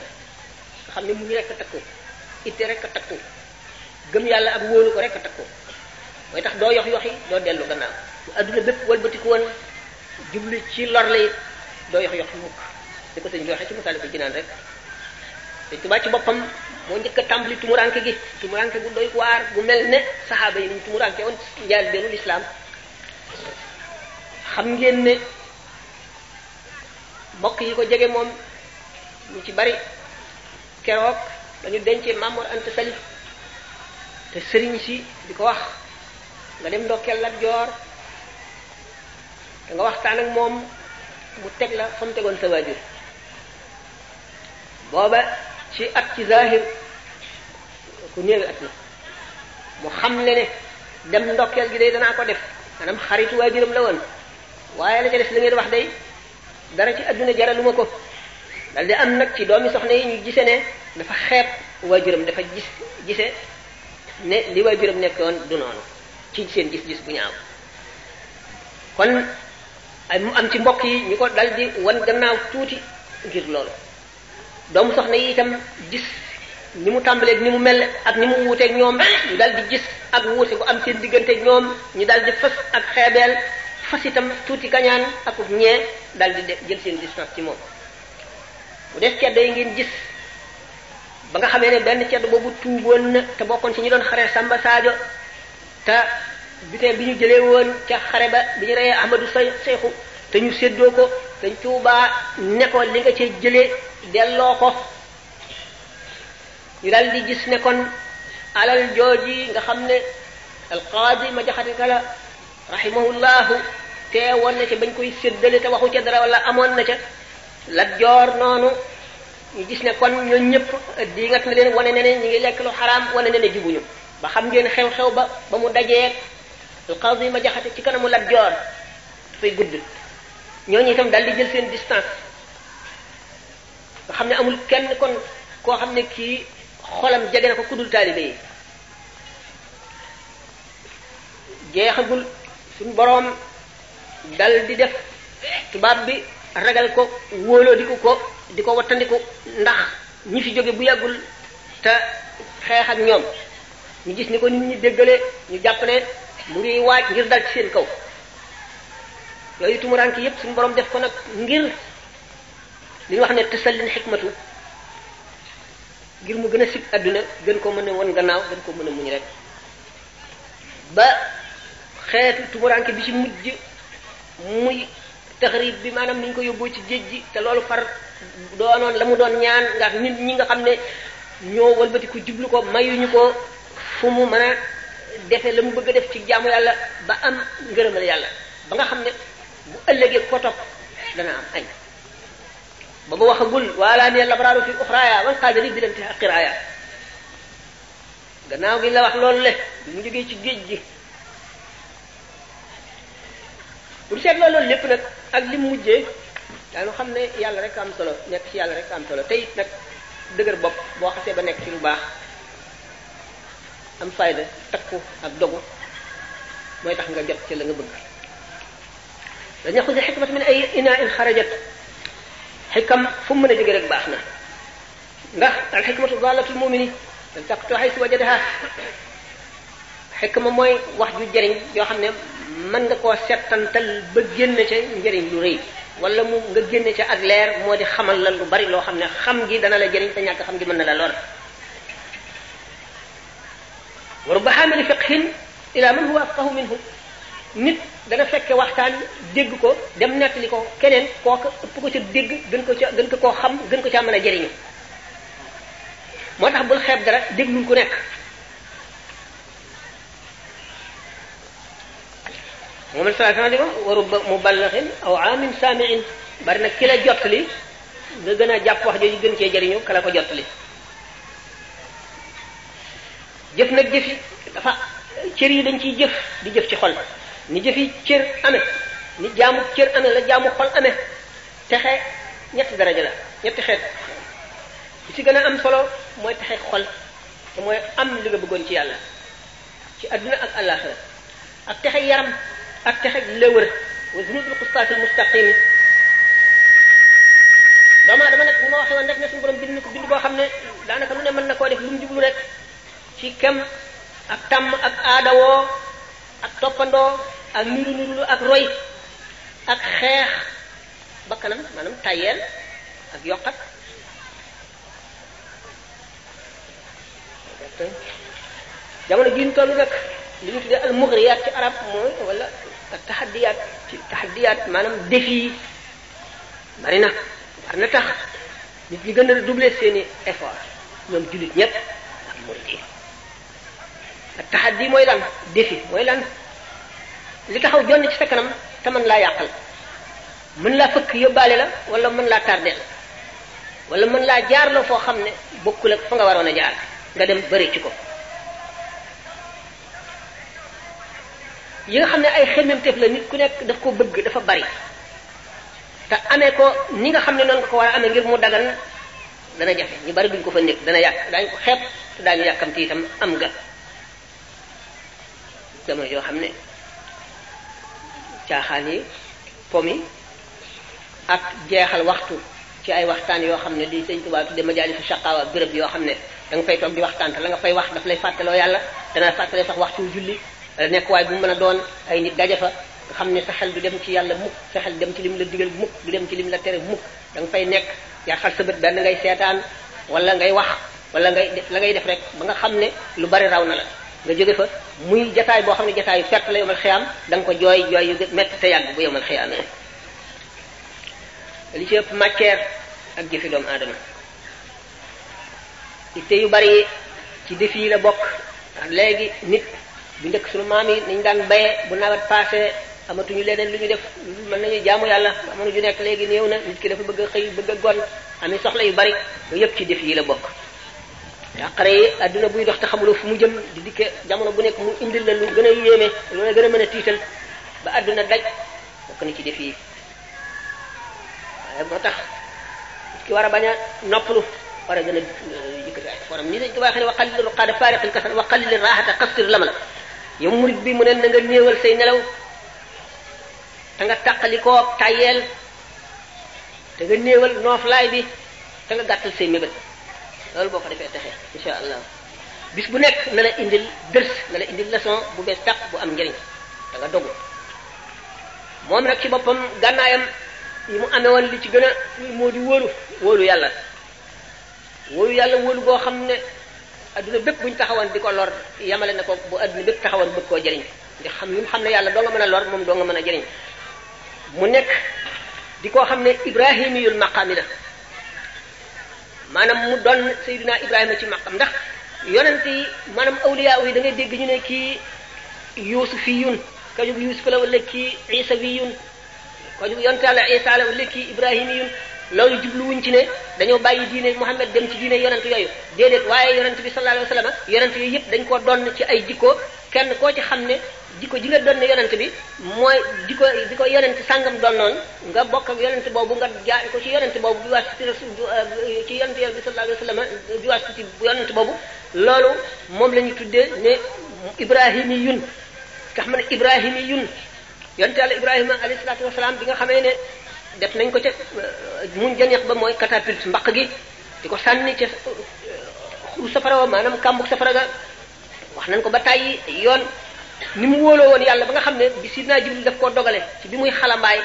xam ne mu ngi rekk a takku itte rek a takku gëm yàlla ak wóolu ko rek a takku mooy tax doo yox yoxi doo dellu gannaaw bu adduna bépp walbatiku woon jublu ci lor la doo yox yoxi mukk ni ko sëñ bi ci misaal ko jinaan rek sëñ Tuubaa ci boppam moo njëkk a tàmbali gi tumuranke gu doy waar gu mel ne saxaaba yi ñu tumuranke woon njaal beenu lislaam xam ngeen ne mbokk yi ko jege moom mu ci bari keroog dañu dencee Mamour Anta Sali te sëriñ si di ko wax nga dem ndokkeel Lat Joor da nga waxtaan ak moom mu teg la fa tegoon sa waajur booba ci at ci zahir ku néewi at la mu xam ne dem ndokkeel gi day danaa ko def maanaam xaritu waajuram la woon waaye la ca def li ngeen wax day dara ci àdduna jaraluma ko dal di am nag ci doomi soxna yi ñu gise ne dafa xeeb waajuram dafa gis gise ne li waajuram nekkoon du noonu ci seen gis-gis bu ñaaw kon mu am ci mbokk yi ñu ko dal di wan gannaaw tuuti ngir loolu doomu soxna yi itam gis ni mu tàmbaleeg ni mu mel ak ni mu wuuteeg ñoom ñu dal di gis ak wuute bu am seen diggante ñoom ñu dal di fës ak xeebeel fas itam tuuti kañaan akub ñee daal di jël seen distance ci moom bu def cedd yi ngeen gis ba nga xamee ne benn cedd boobu tuuboon na te bokkoon ci ñu doon xare Samba Sadio te butin bi ñu jëlee woon ca xare ba bi ñu reyee Ahmadou say Seyxu te ñu séddoo ko te Tuubaa ne ko li nga cee jëlee delloo ko ñu daal di gis ne kon alal jooji nga xam ne alqaadi ma jaxate kala rahimahullahu teewoon na ca bañ koy séddale te waxu cee dara wala amoon na ca Lat Joor noonu ñu gis ne kon ñooñu ñëpp di ngat na leen wane ne ne ñu ngi lekk lu xaraam wane ne ne jibuñu ba xam ngeen xew-xew ba ba mu dajee alqaadi ma jaxate ci kanamu Lat Joor dafay gudd ñooñu itam daal di jël seen distance nga xam ne amul kenn kon koo xam ne kii xolam jege na ko kuddul taalibe yi jeexagul suñu boroom dal di def tubaab bi ragal ko wóoloo di ko ko di ko wattandiku ndax ñi fi jóge bu yàggul te xeex ak ñoom ñu gis ni ko nit ñi déggalee ñu jàpp ne mu ngi waaj ngir dal ci seen kaw yooyu tumuraanki yépp suñu borom def ko nag ngir li wax ne tasallin mu gën a sib àdduna gën koo mën a won gannaaw gën koo mën a muñ rek ba xeetu tumuraanki bi ci mujj muy taxrib bi maanaam ni ñu ko yóbboo ci géej gi te loolu far doonoon la mu doon ñaan ndax nit ñi nga xam ne ñoo walbati ku jublu ko mayuñu ko fu mu mën a defee la mu bëgg a def ci jaamu yàlla ba am ngërëmal yàlla ba nga xam ne bu ëllëgee ko topp dana am añ ba mu waxagul wala ne labraaru fi uxraaya wal qaadiri bi leen te xaqiraaya gannaaw gi la wax loolu le mu jógee ci géej gi bu ñu seetloo loolu lépp nag ak li mu mujjee daanu xam ne yàlla rek am solo nekk ci yàlla rek am solo te nag dëgër bopp boo xasee ba nekk ci lu baax am fayda takku ak dogu mooy tax nga jot ci la nga bëgg dañ yaqu si xikmat min ay inaa in xarajat xikam fu mu mën a jóge rek baax na ndax al xikmatu dalatul mumini tan taqtu xaysu wajadaha xekk ma mooy wax ju jëriñ yoo xam ne mën nga koo settantal ba génn ca njëriñ lu rëy wala mu nga génn ca ak leer moo di xamal la lu bari loo xam ne xam gi dana la jëriñ te ñàkk xam gi mën na la lor wa rubba xaamili fiqhin ila man huwa afqahu minhu nit dana fekke waxtaan dégg ko dem nettali ko keneen kooka ëpp ko ca dégg gën ko ca gën ko koo xam gën ko caa mën a jëriñu moo tax bul xeeb dara déglul ku nekk moom la di sànni moom mu muballaxin aw aamin saamiin bari nag ki la jot li nga gën a jàpp wax jooju gën cee jariñu kala ko jot li jëf nag jëf dafa cër yi dañ ciy jëf di jëf ci xol ni jëf yi cër amee ni jaamu cër amee la jaamu xol amee texe ñetti daraja la ñetti xeet bi ci gën a am solo mooy texe xol te mooy am li nga bëggoon ci yàlla ci àdduna ak àllaaxira ak texe yaram. ak texe bi la wër wa zunub bil qistaasil mustaqim doomu aadama nag ni ma waxee woon rek ne suñu borom bind ko bind boo xam ne daanaka lu ne mën na koo def lu mu jublu rek ci kem ak tàmm ak aadawoo ak toppandoo ak niru niru ak roy ak xeex ba kanam tayeel ak yokkat jamono gi ñu toll nag li ñu tuddee al mughriyaat ci arab mooy wala ak taxadiyaat ci taxadiyaat maanaam défi yi bari na war na tax nit ñi gën a redoubler seeni effort ñoom jullit ñépp ak murid mooy lan défi mooy lan li taxaw jonn ci sa kanam te mën laa yàqal mën laa fëkk yóbbaale la wala mën laa tardeel wala mën laa jaar la foo xam ne bokkul ak fa nga waroon a jaar nga dem bëri ci ko yi nga xam ne ay xemmemteef la nit ku nekk daf koo bëgg dafa bari te amee ko ni nga xam ne noonu nga ko war a amee ngir mu dagan dana jafe ñu bari duñ ko fa nekk dana yàq daañu ko xeeb te daañu yàkkamti itam am ga jamono yoo xam ne caaxaan yi pom yi ak jeexal waxtu ci ay waxtaan yoo xam ne lii sëñ Tuubaa tudde majaalisu shaqaawa béréb yoo xam ne da nga fay toog di waxtaan te la nga fay wax daf lay fàttaloo yàlla danaa fàttale sax waxtu julli Euh, nekk waaye bu mu mën a doon ay nit daje fa nga xam ne sa xel du dem ci yàlla mukk sa xel dem ci lim la digal mukk du dem ci lim la tere mukk da nga fay nekk yaa xal sa bët benn ngay seetaan walla ngay wax wala ngay def ngay def rek ba nga xam ne lu bari raw na la nga jóge fa muy jataay boo xam ne jataayu fert la yomal xiyaam da nga ko jooy jooy yu métti te yàgg bu yomal xiyaam li ci ëpp matière ak jëfi doomu aadama itte yu bari ci défi la bokk léegi bu njëkk suñu maam yi nañ daan bayee bu nawet passé amatuñu leneen lu ñu def mën nañu jaamu yàlla amoon ju nekk léegi néew na nit ki dafa bëgg a xëy bëgg a gon yu bari yëpp ci def yi la bokk yàqare yi adduna buy dox te xamuloo fu mu jëm di dikk jamono bu nekk mu indil la lu gën a yéeme lu gën a mën a tiital ba adduna daj bokk na ci def yi waaye moo tax nit ki war a bañ a noppalu war a gën a euh, yëkkati ay foram ni dañ ko waxee ne wa qallil a faariqil kasal wa qallil raahata qastir lamal yow murit bi mu ne na nga néewal say nelaw te nga tàqalikoo tàyyeel te nga néewal nooflaay bi te nga gàttal say mébét loolu boo ko defee texe insha allah bis bu nekk na la indil dërs na la indil leçon bu bees tàq bu am njëriñ da nga dogu moom nag ci boppam gànnaayam yi mu amee woon li ci gën a moo di wóolu wóolu yàlla wóolu yàlla wóolu boo xam ne adduna bépp bu ñu taxawoon di ko lor yamale na ko bu adduna bépp taxawoon bëgg koo jëriñ nga xam li xam ne yàlla doo nga mën a lor moom doo nga mën a jëriñ mu nekk di koo xam ne ibrahimiyul maqaami la maanaam mu doon sayyidina ibrahima ci maqam ndax yonent yi maanaam awliya yi da ngay dégg ñu ne kii yusufiyun kajub yusuf la wala kii isa wiyun kajub yonent yàlla isa la wala kii ibrahimiyun loolu wuñ ci ne dañoo bàyyi diine Muhammad dem ci diine yonent yooyu déedéet waaye yonent bi sallallahu alayhi wasallam yonent yooyu yëpp dañ koo doon ay jikko kenn koo ci xam ne jikko ji nga doon ne bi mooy jikko bi ko yonent sàngam doon noonu nga bokk ak yonent boobu nga jaay ko ci yonent boobu bi waas ci euh, ci yonent yonent bi sallallahu alayhi wasallam bi waas ci yonent boobu loolu moom la ñu tuddee ne ibrahimi yun nga xam ne ibrahimi yun yonent yàlla ibrahima alayhi salaatu wasalaam bi nga xamee ne def nañ ko ca euh, muñ janeex ba mooy catapulte mbaq gi di ko sànni ca euh, xuru safara wa maanaam kàmbuk safara ga wax nañ ko ba tàyyi yoon ni mu wóoloo woon yàlla ba nga xam ne bi sidna Jibril daf koo dogale ci bi muy xalambaay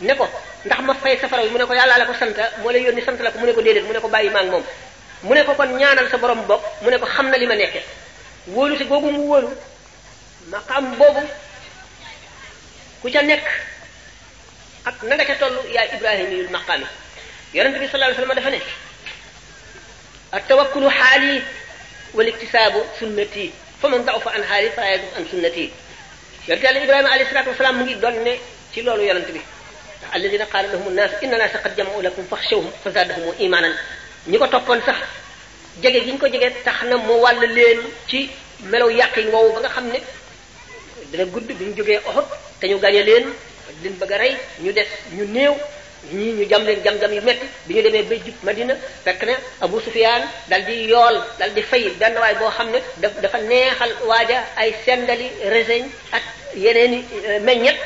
ne ko ndax ma fay safara wi mu ne ko yàllaa la ko sant moo lay yónni sant la ko mu ne ko déedéet mu ne ko bàyyi ma ak moom mu ne ko kon ñaanal sa borom bopp mu ne ko xam na li ma nekkee wóolu si googu mu wóolu maqam boobu ku ca nekk ak na nga ca toll yaay ibrahimiyul maqaami yonente bi sallallahu alayhi wasallam dafa ne at tawakkulu xaali wal iktisaabu sunnati fa man da'ufa an xaali fa yadu an sunnati yonente yàlla ibrahima alayhi salatu wasalaam mu ngi doon ne ci loolu yonente bi ndax alladina qaala lahum annaas inna naasa qad jama'u lakum faxshawhum fa zaadahum imaanan ñi ko toppoon sax jege gi ñu ko jege tax na mu wàll leen ci melaw yàq yi woowu ba nga xam ne dana gudd bi ñu jógee oxot te ñu leen dañ leen bëgg a rey ñu def ñu néew ñii ñu jam leen jam-jam yu métti bi ñu demee ba jub Madina fekk ne Abu Sufyaan dal di yool dal di fay benn waay boo xam ne dafa neexal waaja ay sendali résin ak yeneeni euh, meññet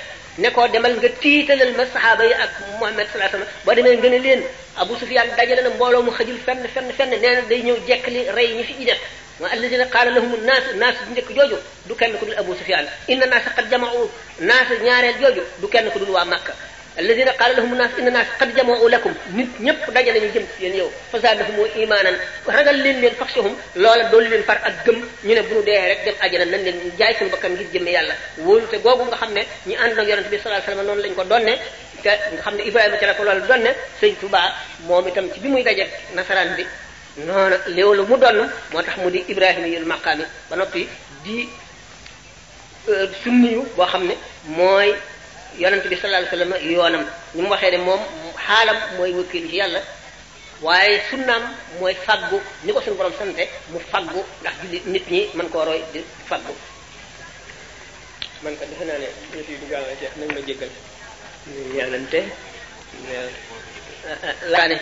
ne ko demal nga tiitalal ma saxaaba yi ak Muhammad sallallahu boo demee nga ne leen Abu Sufyaan dajale na mbooloo mu xajul fenn fenn fenn nee na day ñëw jekk li rey ñu fi i def wa alladina qaala lahum naasu naasu bu njëkk jooju du kenn ku dul Abu Sufyaan inna naasa qad jama'u naasa ñaareel jooju du kenn ku dul waa Makka alladina qaala lahum naas inna naas qad jama'u lakum nit ñëpp daje nañu jëm ci yéen yow fa zaadahum imaanan ragal leen leen faxshahum loola doolu leen far ak gëm ñu ne bu ñu dee rek dem àjjana nañ leen jaay suñu bakkan ngir jëmme yàlla wóolute googu nga xam ne ñu àndoon ak yonente bi sallallahu alayhi wasallam noonu lañ ko donne te nga xam ne Ibrahima ca la ko loolu donne sëñ Tuubaa moom itam ci bi muy daje nasaraan bi noonu loolu mu donn moo tax mu di ibrahima yul maqaami ba noppi di euh, sunniyu boo xam ne mooy yonent bi sallallahu alayhi wasallam yoonam ni mu waxee ne moom xaalam mooy wëkkilu ci yàlla waaye sunnaam mooy faggu ni ko suñu borom sante mu faggu ndax nit ñi mën koo roy di faggu man ko defe naa ne ñëpp yi a jeex nag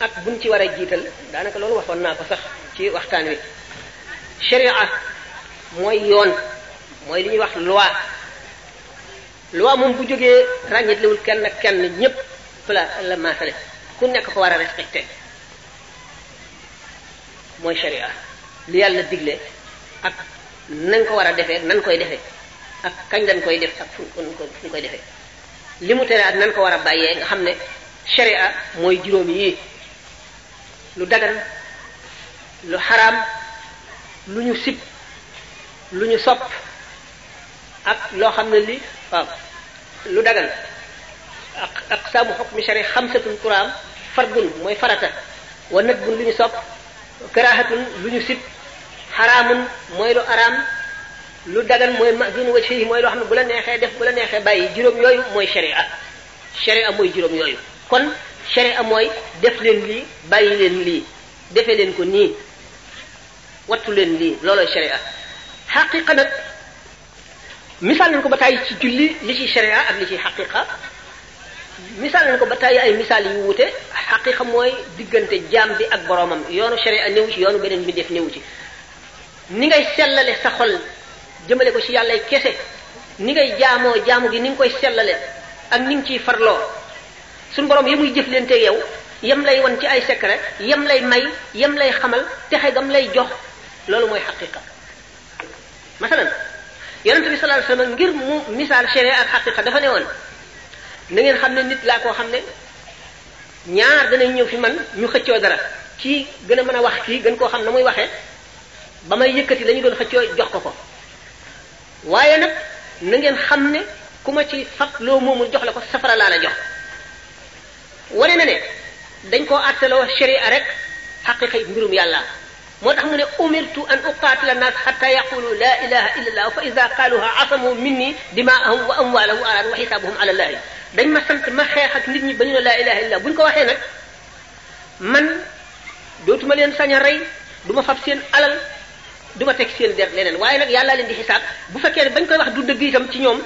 ak buñ ci war a jiital daanaka loolu waxoon naa ko sax ci waxtaan wi sharia mooy yoon mooy li ñuy wax loi loi moom bu jógee ràññetlewul kenn ak kenn ñépp la la maasale ku nekk ko war a respecté mooy sharia li yàlla digle ak nañ ko war a defee nan koy defee ak kañ lañ koy def ak fu ñu koy defee li mu tere ak nan ko war a bàyyee nga xam ne sharia mooy juróom yii lu dagan lu xaraam lu ñu sib lu ñu sopp ak loo xam ne li waaw lu dagan ak ak saamu xukmi shari xamsatun kuraam fardun mooy farata wa nadbun lu ñu sopp karahatun lu ñu sib xaraamun mooy lu araam lu dagan mooy ma mazun wajhi mooy loo xam ne bu la neexee def bu la neexee bàyyi juróom yooyu mooy sharia sharia mooy juróom yooyu kon sharia mooy def leen lii bàyyi leen lii defee leen ko nii wattu leen lii loolooy sharia xaqiqa nag misaal nañ ko ba tàyyi ci julli li ci sharia ak li ci xaqiqa ko ba tàyyi ay misaal yu wute xaqiqa mooy diggante jaam bi ak boroomam yoonu sharia néew ci yoonu beneen bi def néew ci ni ngay sellale sa xol jëmale ko ci yàlla kese ni ngay jaamoo jaamu gi ni nga koy sellale ak ni nga ciy farloo su borom yi muy jëflanteeg yow yem lay won ci ay secret yem lay may yem lay xamal texe gam lay jox loolu mooy xaqiqa masalan yonent bi sallallahu ngir mu misaal sharia ak xaqiqa dafa ne na nit laa koo xam ne ñaar danañ ñëw fi man ñu xëccoo dara kii gën a mën a wax kii gën koo xam na muy waxee ba may yëkkati lañu doon xëccoo jox ko ko waaye nag na ngeen xam ne ku ma ci fab loo moomul jox la ko safara laa la jox wane na ne dañ koo àttaloo arek rek xaqiqa burum yàlla moo tax mu ne umirtu an uqaatila naas xata yaqulu la ilaha illa allah fa ida qaaluha asamu minni dimaahum wa amwaalahum wa alaan wa xisaabuhum ala dañ ma sant ma xeex ak nit ñi ba ñu ne laa bu ñu ko waxee nag dootuma leen sañ a du ma fab seen alal du ma teg seen der leneen waaye nag yàllaa leen di xisaab bu fekkee ne bañ ko wax du dëgg itam ci ñoom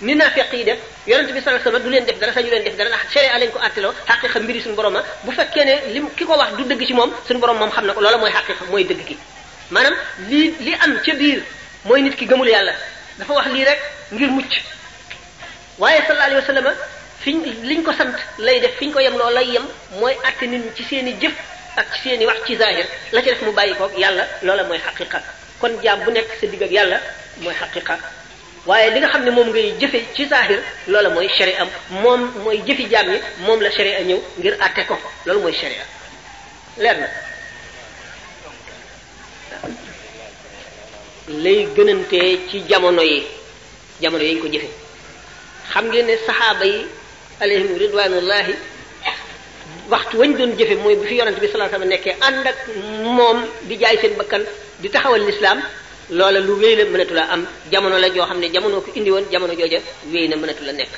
ni naafeq yi def yonent bi sallallahu alayhi du leen def dara sañu leen def dara ndax a lañ ko àtteloo xaqiqa mbiri suñu borom a bu fekkee ne ki ko wax du dëgg ci moom suñu borom moom xam na ko loola mooy xaqiqa mooy dëgg gi maanaam lii li am ca biir mooy nit ki gëmul yàlla dafa wax lii rek ngir mucc waaye sallallahu alayhi wasallam fiñ liñ ko sant lay def fiñ ko yem loo lay yem mooy àtte nit ñi ci seeni jëf ak ci seeni wax ci zahir la ci def mu bàyyi ko yàlla loola mooy xaqiqa kon jaam bu nekk sa digg ak yàlla mooy xaqiqa waaye li nga xam ne moom ngay jëfe ci zahir loola mooy am moom mooy jëfi jaam moom la a ñëw ngir àtte ko loolu mooy sharia leer na lay gënantee ci jamono yi jamono yi ñu ko jëfe xam ngeen ne saxaaba yi alayhim ridwanullahi waxtu wañ doon jëfe mooy bu fi yonent bi sallallahu alayhi wasallam nekkee ànd ak moom di jaay seen bakkan di taxawal lislaam loola lu wéy la mënatu la am jamono la joo xam ne jamono ko indi woon jamono jooja wéy na mënatu la nekk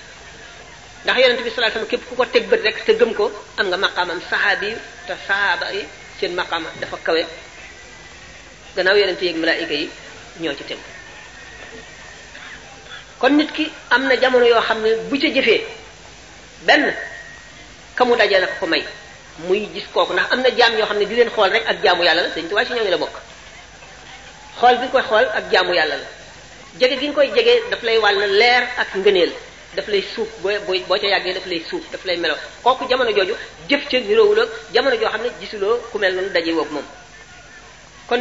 ndax yonent bi sallallahu képp ku ko teg bët rek te gëm ko am nga maqaamam saxaaba yi te saxaaba yi seen maqaama dafa kawe gannaaw yonent yeeg malaayika yi ñoo ci tegu kon nit ki am na jamono yoo xam ne bu ca jëfee benn ka mu dajee la ko may muy gis kooku ndax am na jaam yoo xam ne di leen xool rek ak jaamu yàlla la dañ tuwaa si ñooñu la bokk xool bi nga koy xool ak jaamu yàlla la jege gi nga koy jege daf lay wàll leer ak ngëneel daf lay suuf boo boo ca yàggee daf lay suuf daf lay melo kooku jamono jooju jëf ca niroowul ak jamono joo xam ne gisuloo ku mel noonu daje woog moom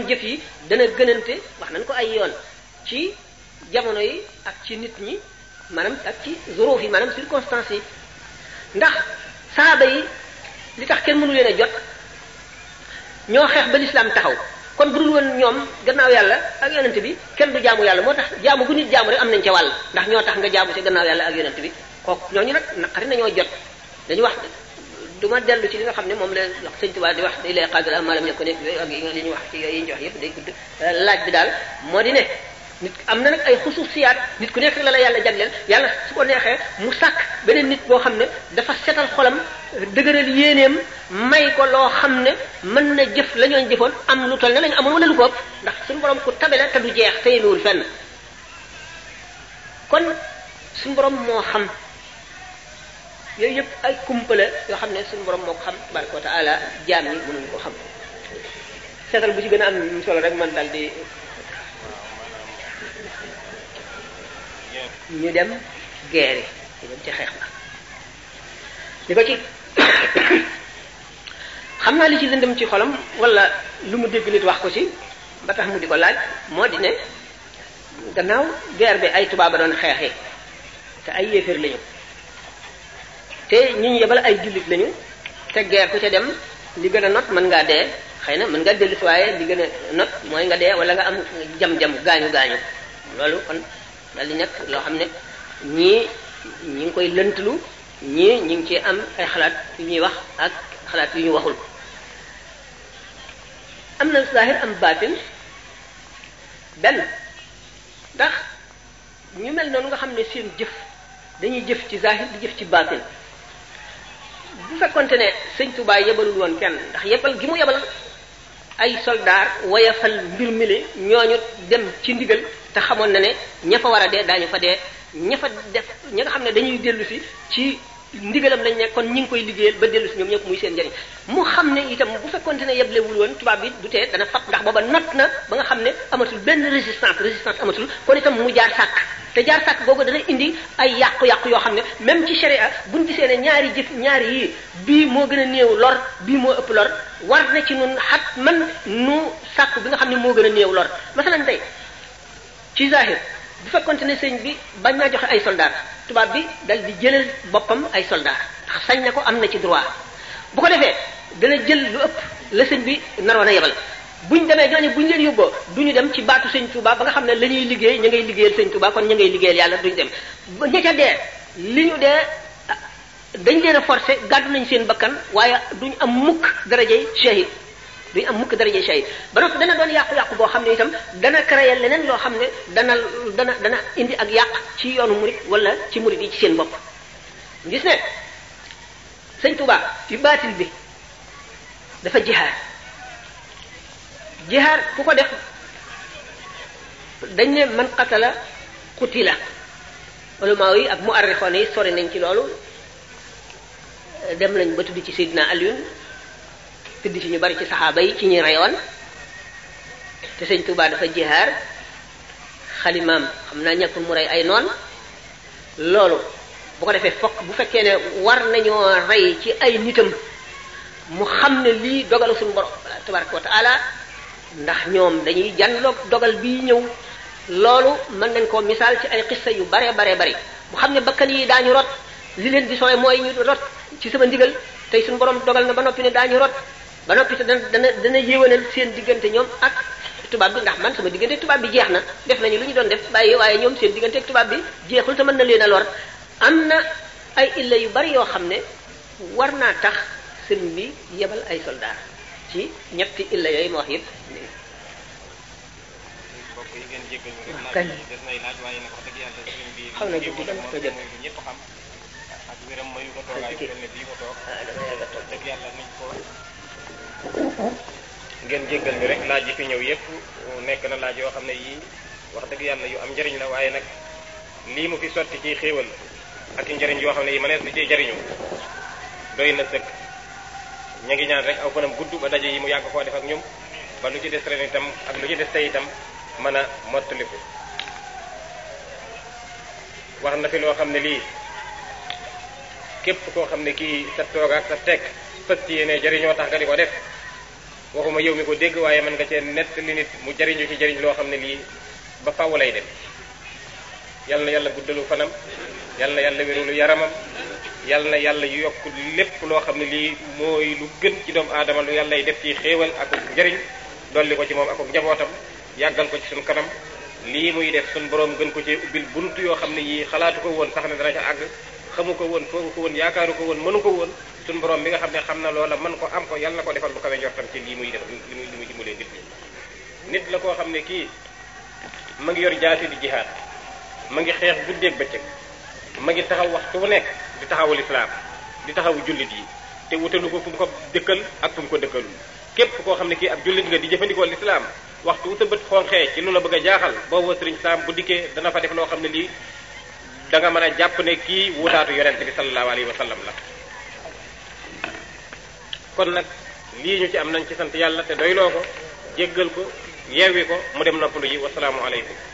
jëf yi dana gënante wax nañ ko ay yoon ci jamono yi ak ci nit ñi maanaam ak ci zorof yi maanaam circonstances yi ndax saaba yi li tax kenn mënu leen a jot ñoo xeex ba lislaam taxaw kon bu dul woon ñoom gannaaw yàlla ak yonent bi kenn du jaamu yàlla moo tax jaamu bu nit jaamu rek am nañ ca wàll ndax ñoo tax nga jaamu ci gannaaw yàlla ak yonent bi kooku ñooñu nag naqari nañoo jot dañu wax du ma dellu ci li nga xam ne moom la wax sëñ Tuubaa di wax di lay xaagal maanaam ña ko nekk yooyu ak li ñu wax ci yooyu ñu wax yëpp day gudd laaj bi daal moo di ne nit am na nag ay xususiyaat nit ku nekk la la yàlla jagleel yàlla su ko neexee mu sàkk beneen nit boo xam ne dafa setal xolam dëgëral yéeneem may ko loo xam ne mën na jëf la ñoo jëfoon am lu toll ne lañu amoon wala lu ko ëpp ndax suñu borom ku tabe la te jeex te yéenewul fenn suñu borom moo xam yooyu yëpp ay kumpa la yoo xam ne suñu borom moo ko xam tabaraka wa taala jaam yi mënuñu ko xam seetal bu ci gën a am solo rek man daal di ñu dem guerre yi dem ci xeex ba li ko ci xam naa li ci lëndëm ci xolam wala lu mu dégg nit wax ko ci ba tax mu di ko laaj moo di ne gannaaw geer bi ay tubaab a doon xeexee te ay yéeféer lañu te ñu ñu yebal ay jullit lañu te guerre ku ca dem li gën a not mën ngaa dee xëy na mën nga dellusi waaye li gën a not mooy nga dee wala nga am jam-jam gaañu gaañu loolu kon dal nekk loo xam ne ñii ñi ngi koy lëntlu ñii ñi ngi ci am ay xalaat yu ñuy wax ak xalaat yu ñu waxul am na zahir am baatin benn ndax ñu mel noonu nga xam ne seen jëf dañuy jëf ci zahir di jëf ci baatin bu fekkonte ne sëñ Tuubaa yebalul woon kenn ndax yebal gi mu yebal ay soldaar wayafal mbir mile ñooñu dem ci ndigal te xamoon na ne ña fa war a dee daañu fa dee ña fa def ñi nga xam ne dañuy dellu si ci ndigalam lañ ne kon ñi ngi koy liggéeyal ba dellusi si ñoom ñëpp muy seen njëriñ mu xam ne itam bu fekkonte ne yeblewul woon tubaab bi du tee dana fat ndax booba not na ba nga xam ne amatul benn résistance résistance amatul kon itam mu jaar sàkk te jaar sàkk ko dana indi ay yàqu-yàqu yoo xam ne même ci sharia buñ gisee ne ñaari jëf ñaari yii bii moo gën a néew lor bii moo ëpp lor war na ci nun xat man nu sàkku bi nga xam ne moo gën a néew lor masalan tey ci zahir bu fekkonte ne sëñ bi bañ naa joxe ay soldat tubaab bi dal di jëlal boppam ay soldat sañ na ko am na ci droit bu ko defee dana jël lu ëpp la sëñ bi naroon a yebal bu buñ demee ñooñu buñ leen yóbboo ñu dem ci baatu sëñ Touba ba nga xam ne lañuy liggéey ña ngay liggéeyal sëñ Touba kon ña ngay liggéeyal yàlla duñu dem ña ca dee li ñu dee dañ leen a forcé gàddu nañ seen bakkan waaye duñ am mukk darajey shahid duñ am mukk darajey shahid ba noppi dana doon yàqu-yàqu boo xam ne tam dana créer leneen loo xam ne dana dana dana indi ak yàq ci yoonu murid wala ci murid yi ci seen bopp gis ne sëñ baatil bi dafa jihaad jihaar ku ko def dañ ne man qatala la ulama yi ak mu muarrixoon yi sori nañ ci loolu dem nañ ba tudd ci Seydina Alioune tudd ci ñu bari ci saxaaba yi ci ñi reyoon te sëñ Touba dafa jihaar xalimaam xam naa ñàkkul mu rey ay noon loolu bu ko defee fokk bu fekkee ne war nañoo rey ci ay nitam mu xam ne lii dogalu suñu borom tabaraka wa ndax ñoom dañuy janloog dogal bii ñëw loolu mën nañ koo misaal ci ay xissa yu bare bare bari mu xam ne bakkan yi daañu rot li leen di sooy mooy ñu rot ci sama ndigal tey suñu borom dogal na ba noppi ne daañu rot ba noppi te dana dana dana seen diggante ñoom ak tubaab bi ndax man sama diggante tubaab bi jeex na def nañu lu ñu doon def bàyyi waaye ñoom seen diggante ak tubaab bi jeexul te mën na leen a am na ay illa yu bari yoo xam ne war naa tax sëriñ bi yebal ay soldaar ci ñetti illa yooyu ma wax yëpp. kañ xaw na guddi dama ko jot. Ah, ngeen jéggal ñu rek laaj yi fi ñëw yëpp nekk na laaj yoo xam ne yii wax dëgg yàlla yu am njëriñ la waaye nag lii mu fi sotti ci xéewal ak i njëriñ yoo xam ne yi mënees na ci jëriñu doy na sëkk. ña ngi ñaan rek aw fanam gudd ba daje yi mu yàgg koo def ak ñoom ba lu ci des ren itam ak lu ci des tey itam mën a mottaliku wax na fi loo xam ne lii képp koo xam ne kii sa toog ak sa tekk fës ci jariñoo tax nga di ko def waxuma yow mi ko dégg waaye mën nga cee nett li nit mu jariñu ci jariñ loo xam ne lii ba faw lay dem yal na yàlla guddalu fanam yal na yàlla wérulu yaramam yal na yàlla yokk lépp loo xam ne lii mooy lu gën ci doomu aadama lu yàlla def ci xéewal ak njëriñ dolli ko ci moom ak njabootam yàggal ko ci suñu kanam lii muy def suñu boroom gën ko ci ubbil bunt yoo xam ne yii xalaatu ko woon sax ne dana ca àgg xamu ko woon foogu ko woon yaakaaru ko woon mënu ko woon suñu borom bi nga xam ne xam na loola mën ko am ko yàlla na ko defal bu kawe njortam ci lii muy def li muy li muy dimbalee nit ñi nit la koo xam ne kii ma ngi yor jaasi di jihaad ma ngi xeex guddeeg bëccëg mag ngi taxaw waxtu wu nekk di taxawu lislaam di taxawu jullit yi te wutalu ko fu mu ko dëkkal ak fu mu ko dëkkalul képp koo xam ne kii ab jullit nga di jëfandikoo lislaam waxtu wu sa bët xonqee ci lu la bëgg a jaaxal boobu sëriñ saam bu dikkee dana fa def loo xam ne lii danga mën a jàpp ne kii wutaatu yonent bi sallallahu alayhi wa sallam la kon nag lii ñu ci am nañ ci sant yàlla te doyloo ko jéggal ko yeewi ko mu dem noppalu ji wasalaamu aleykum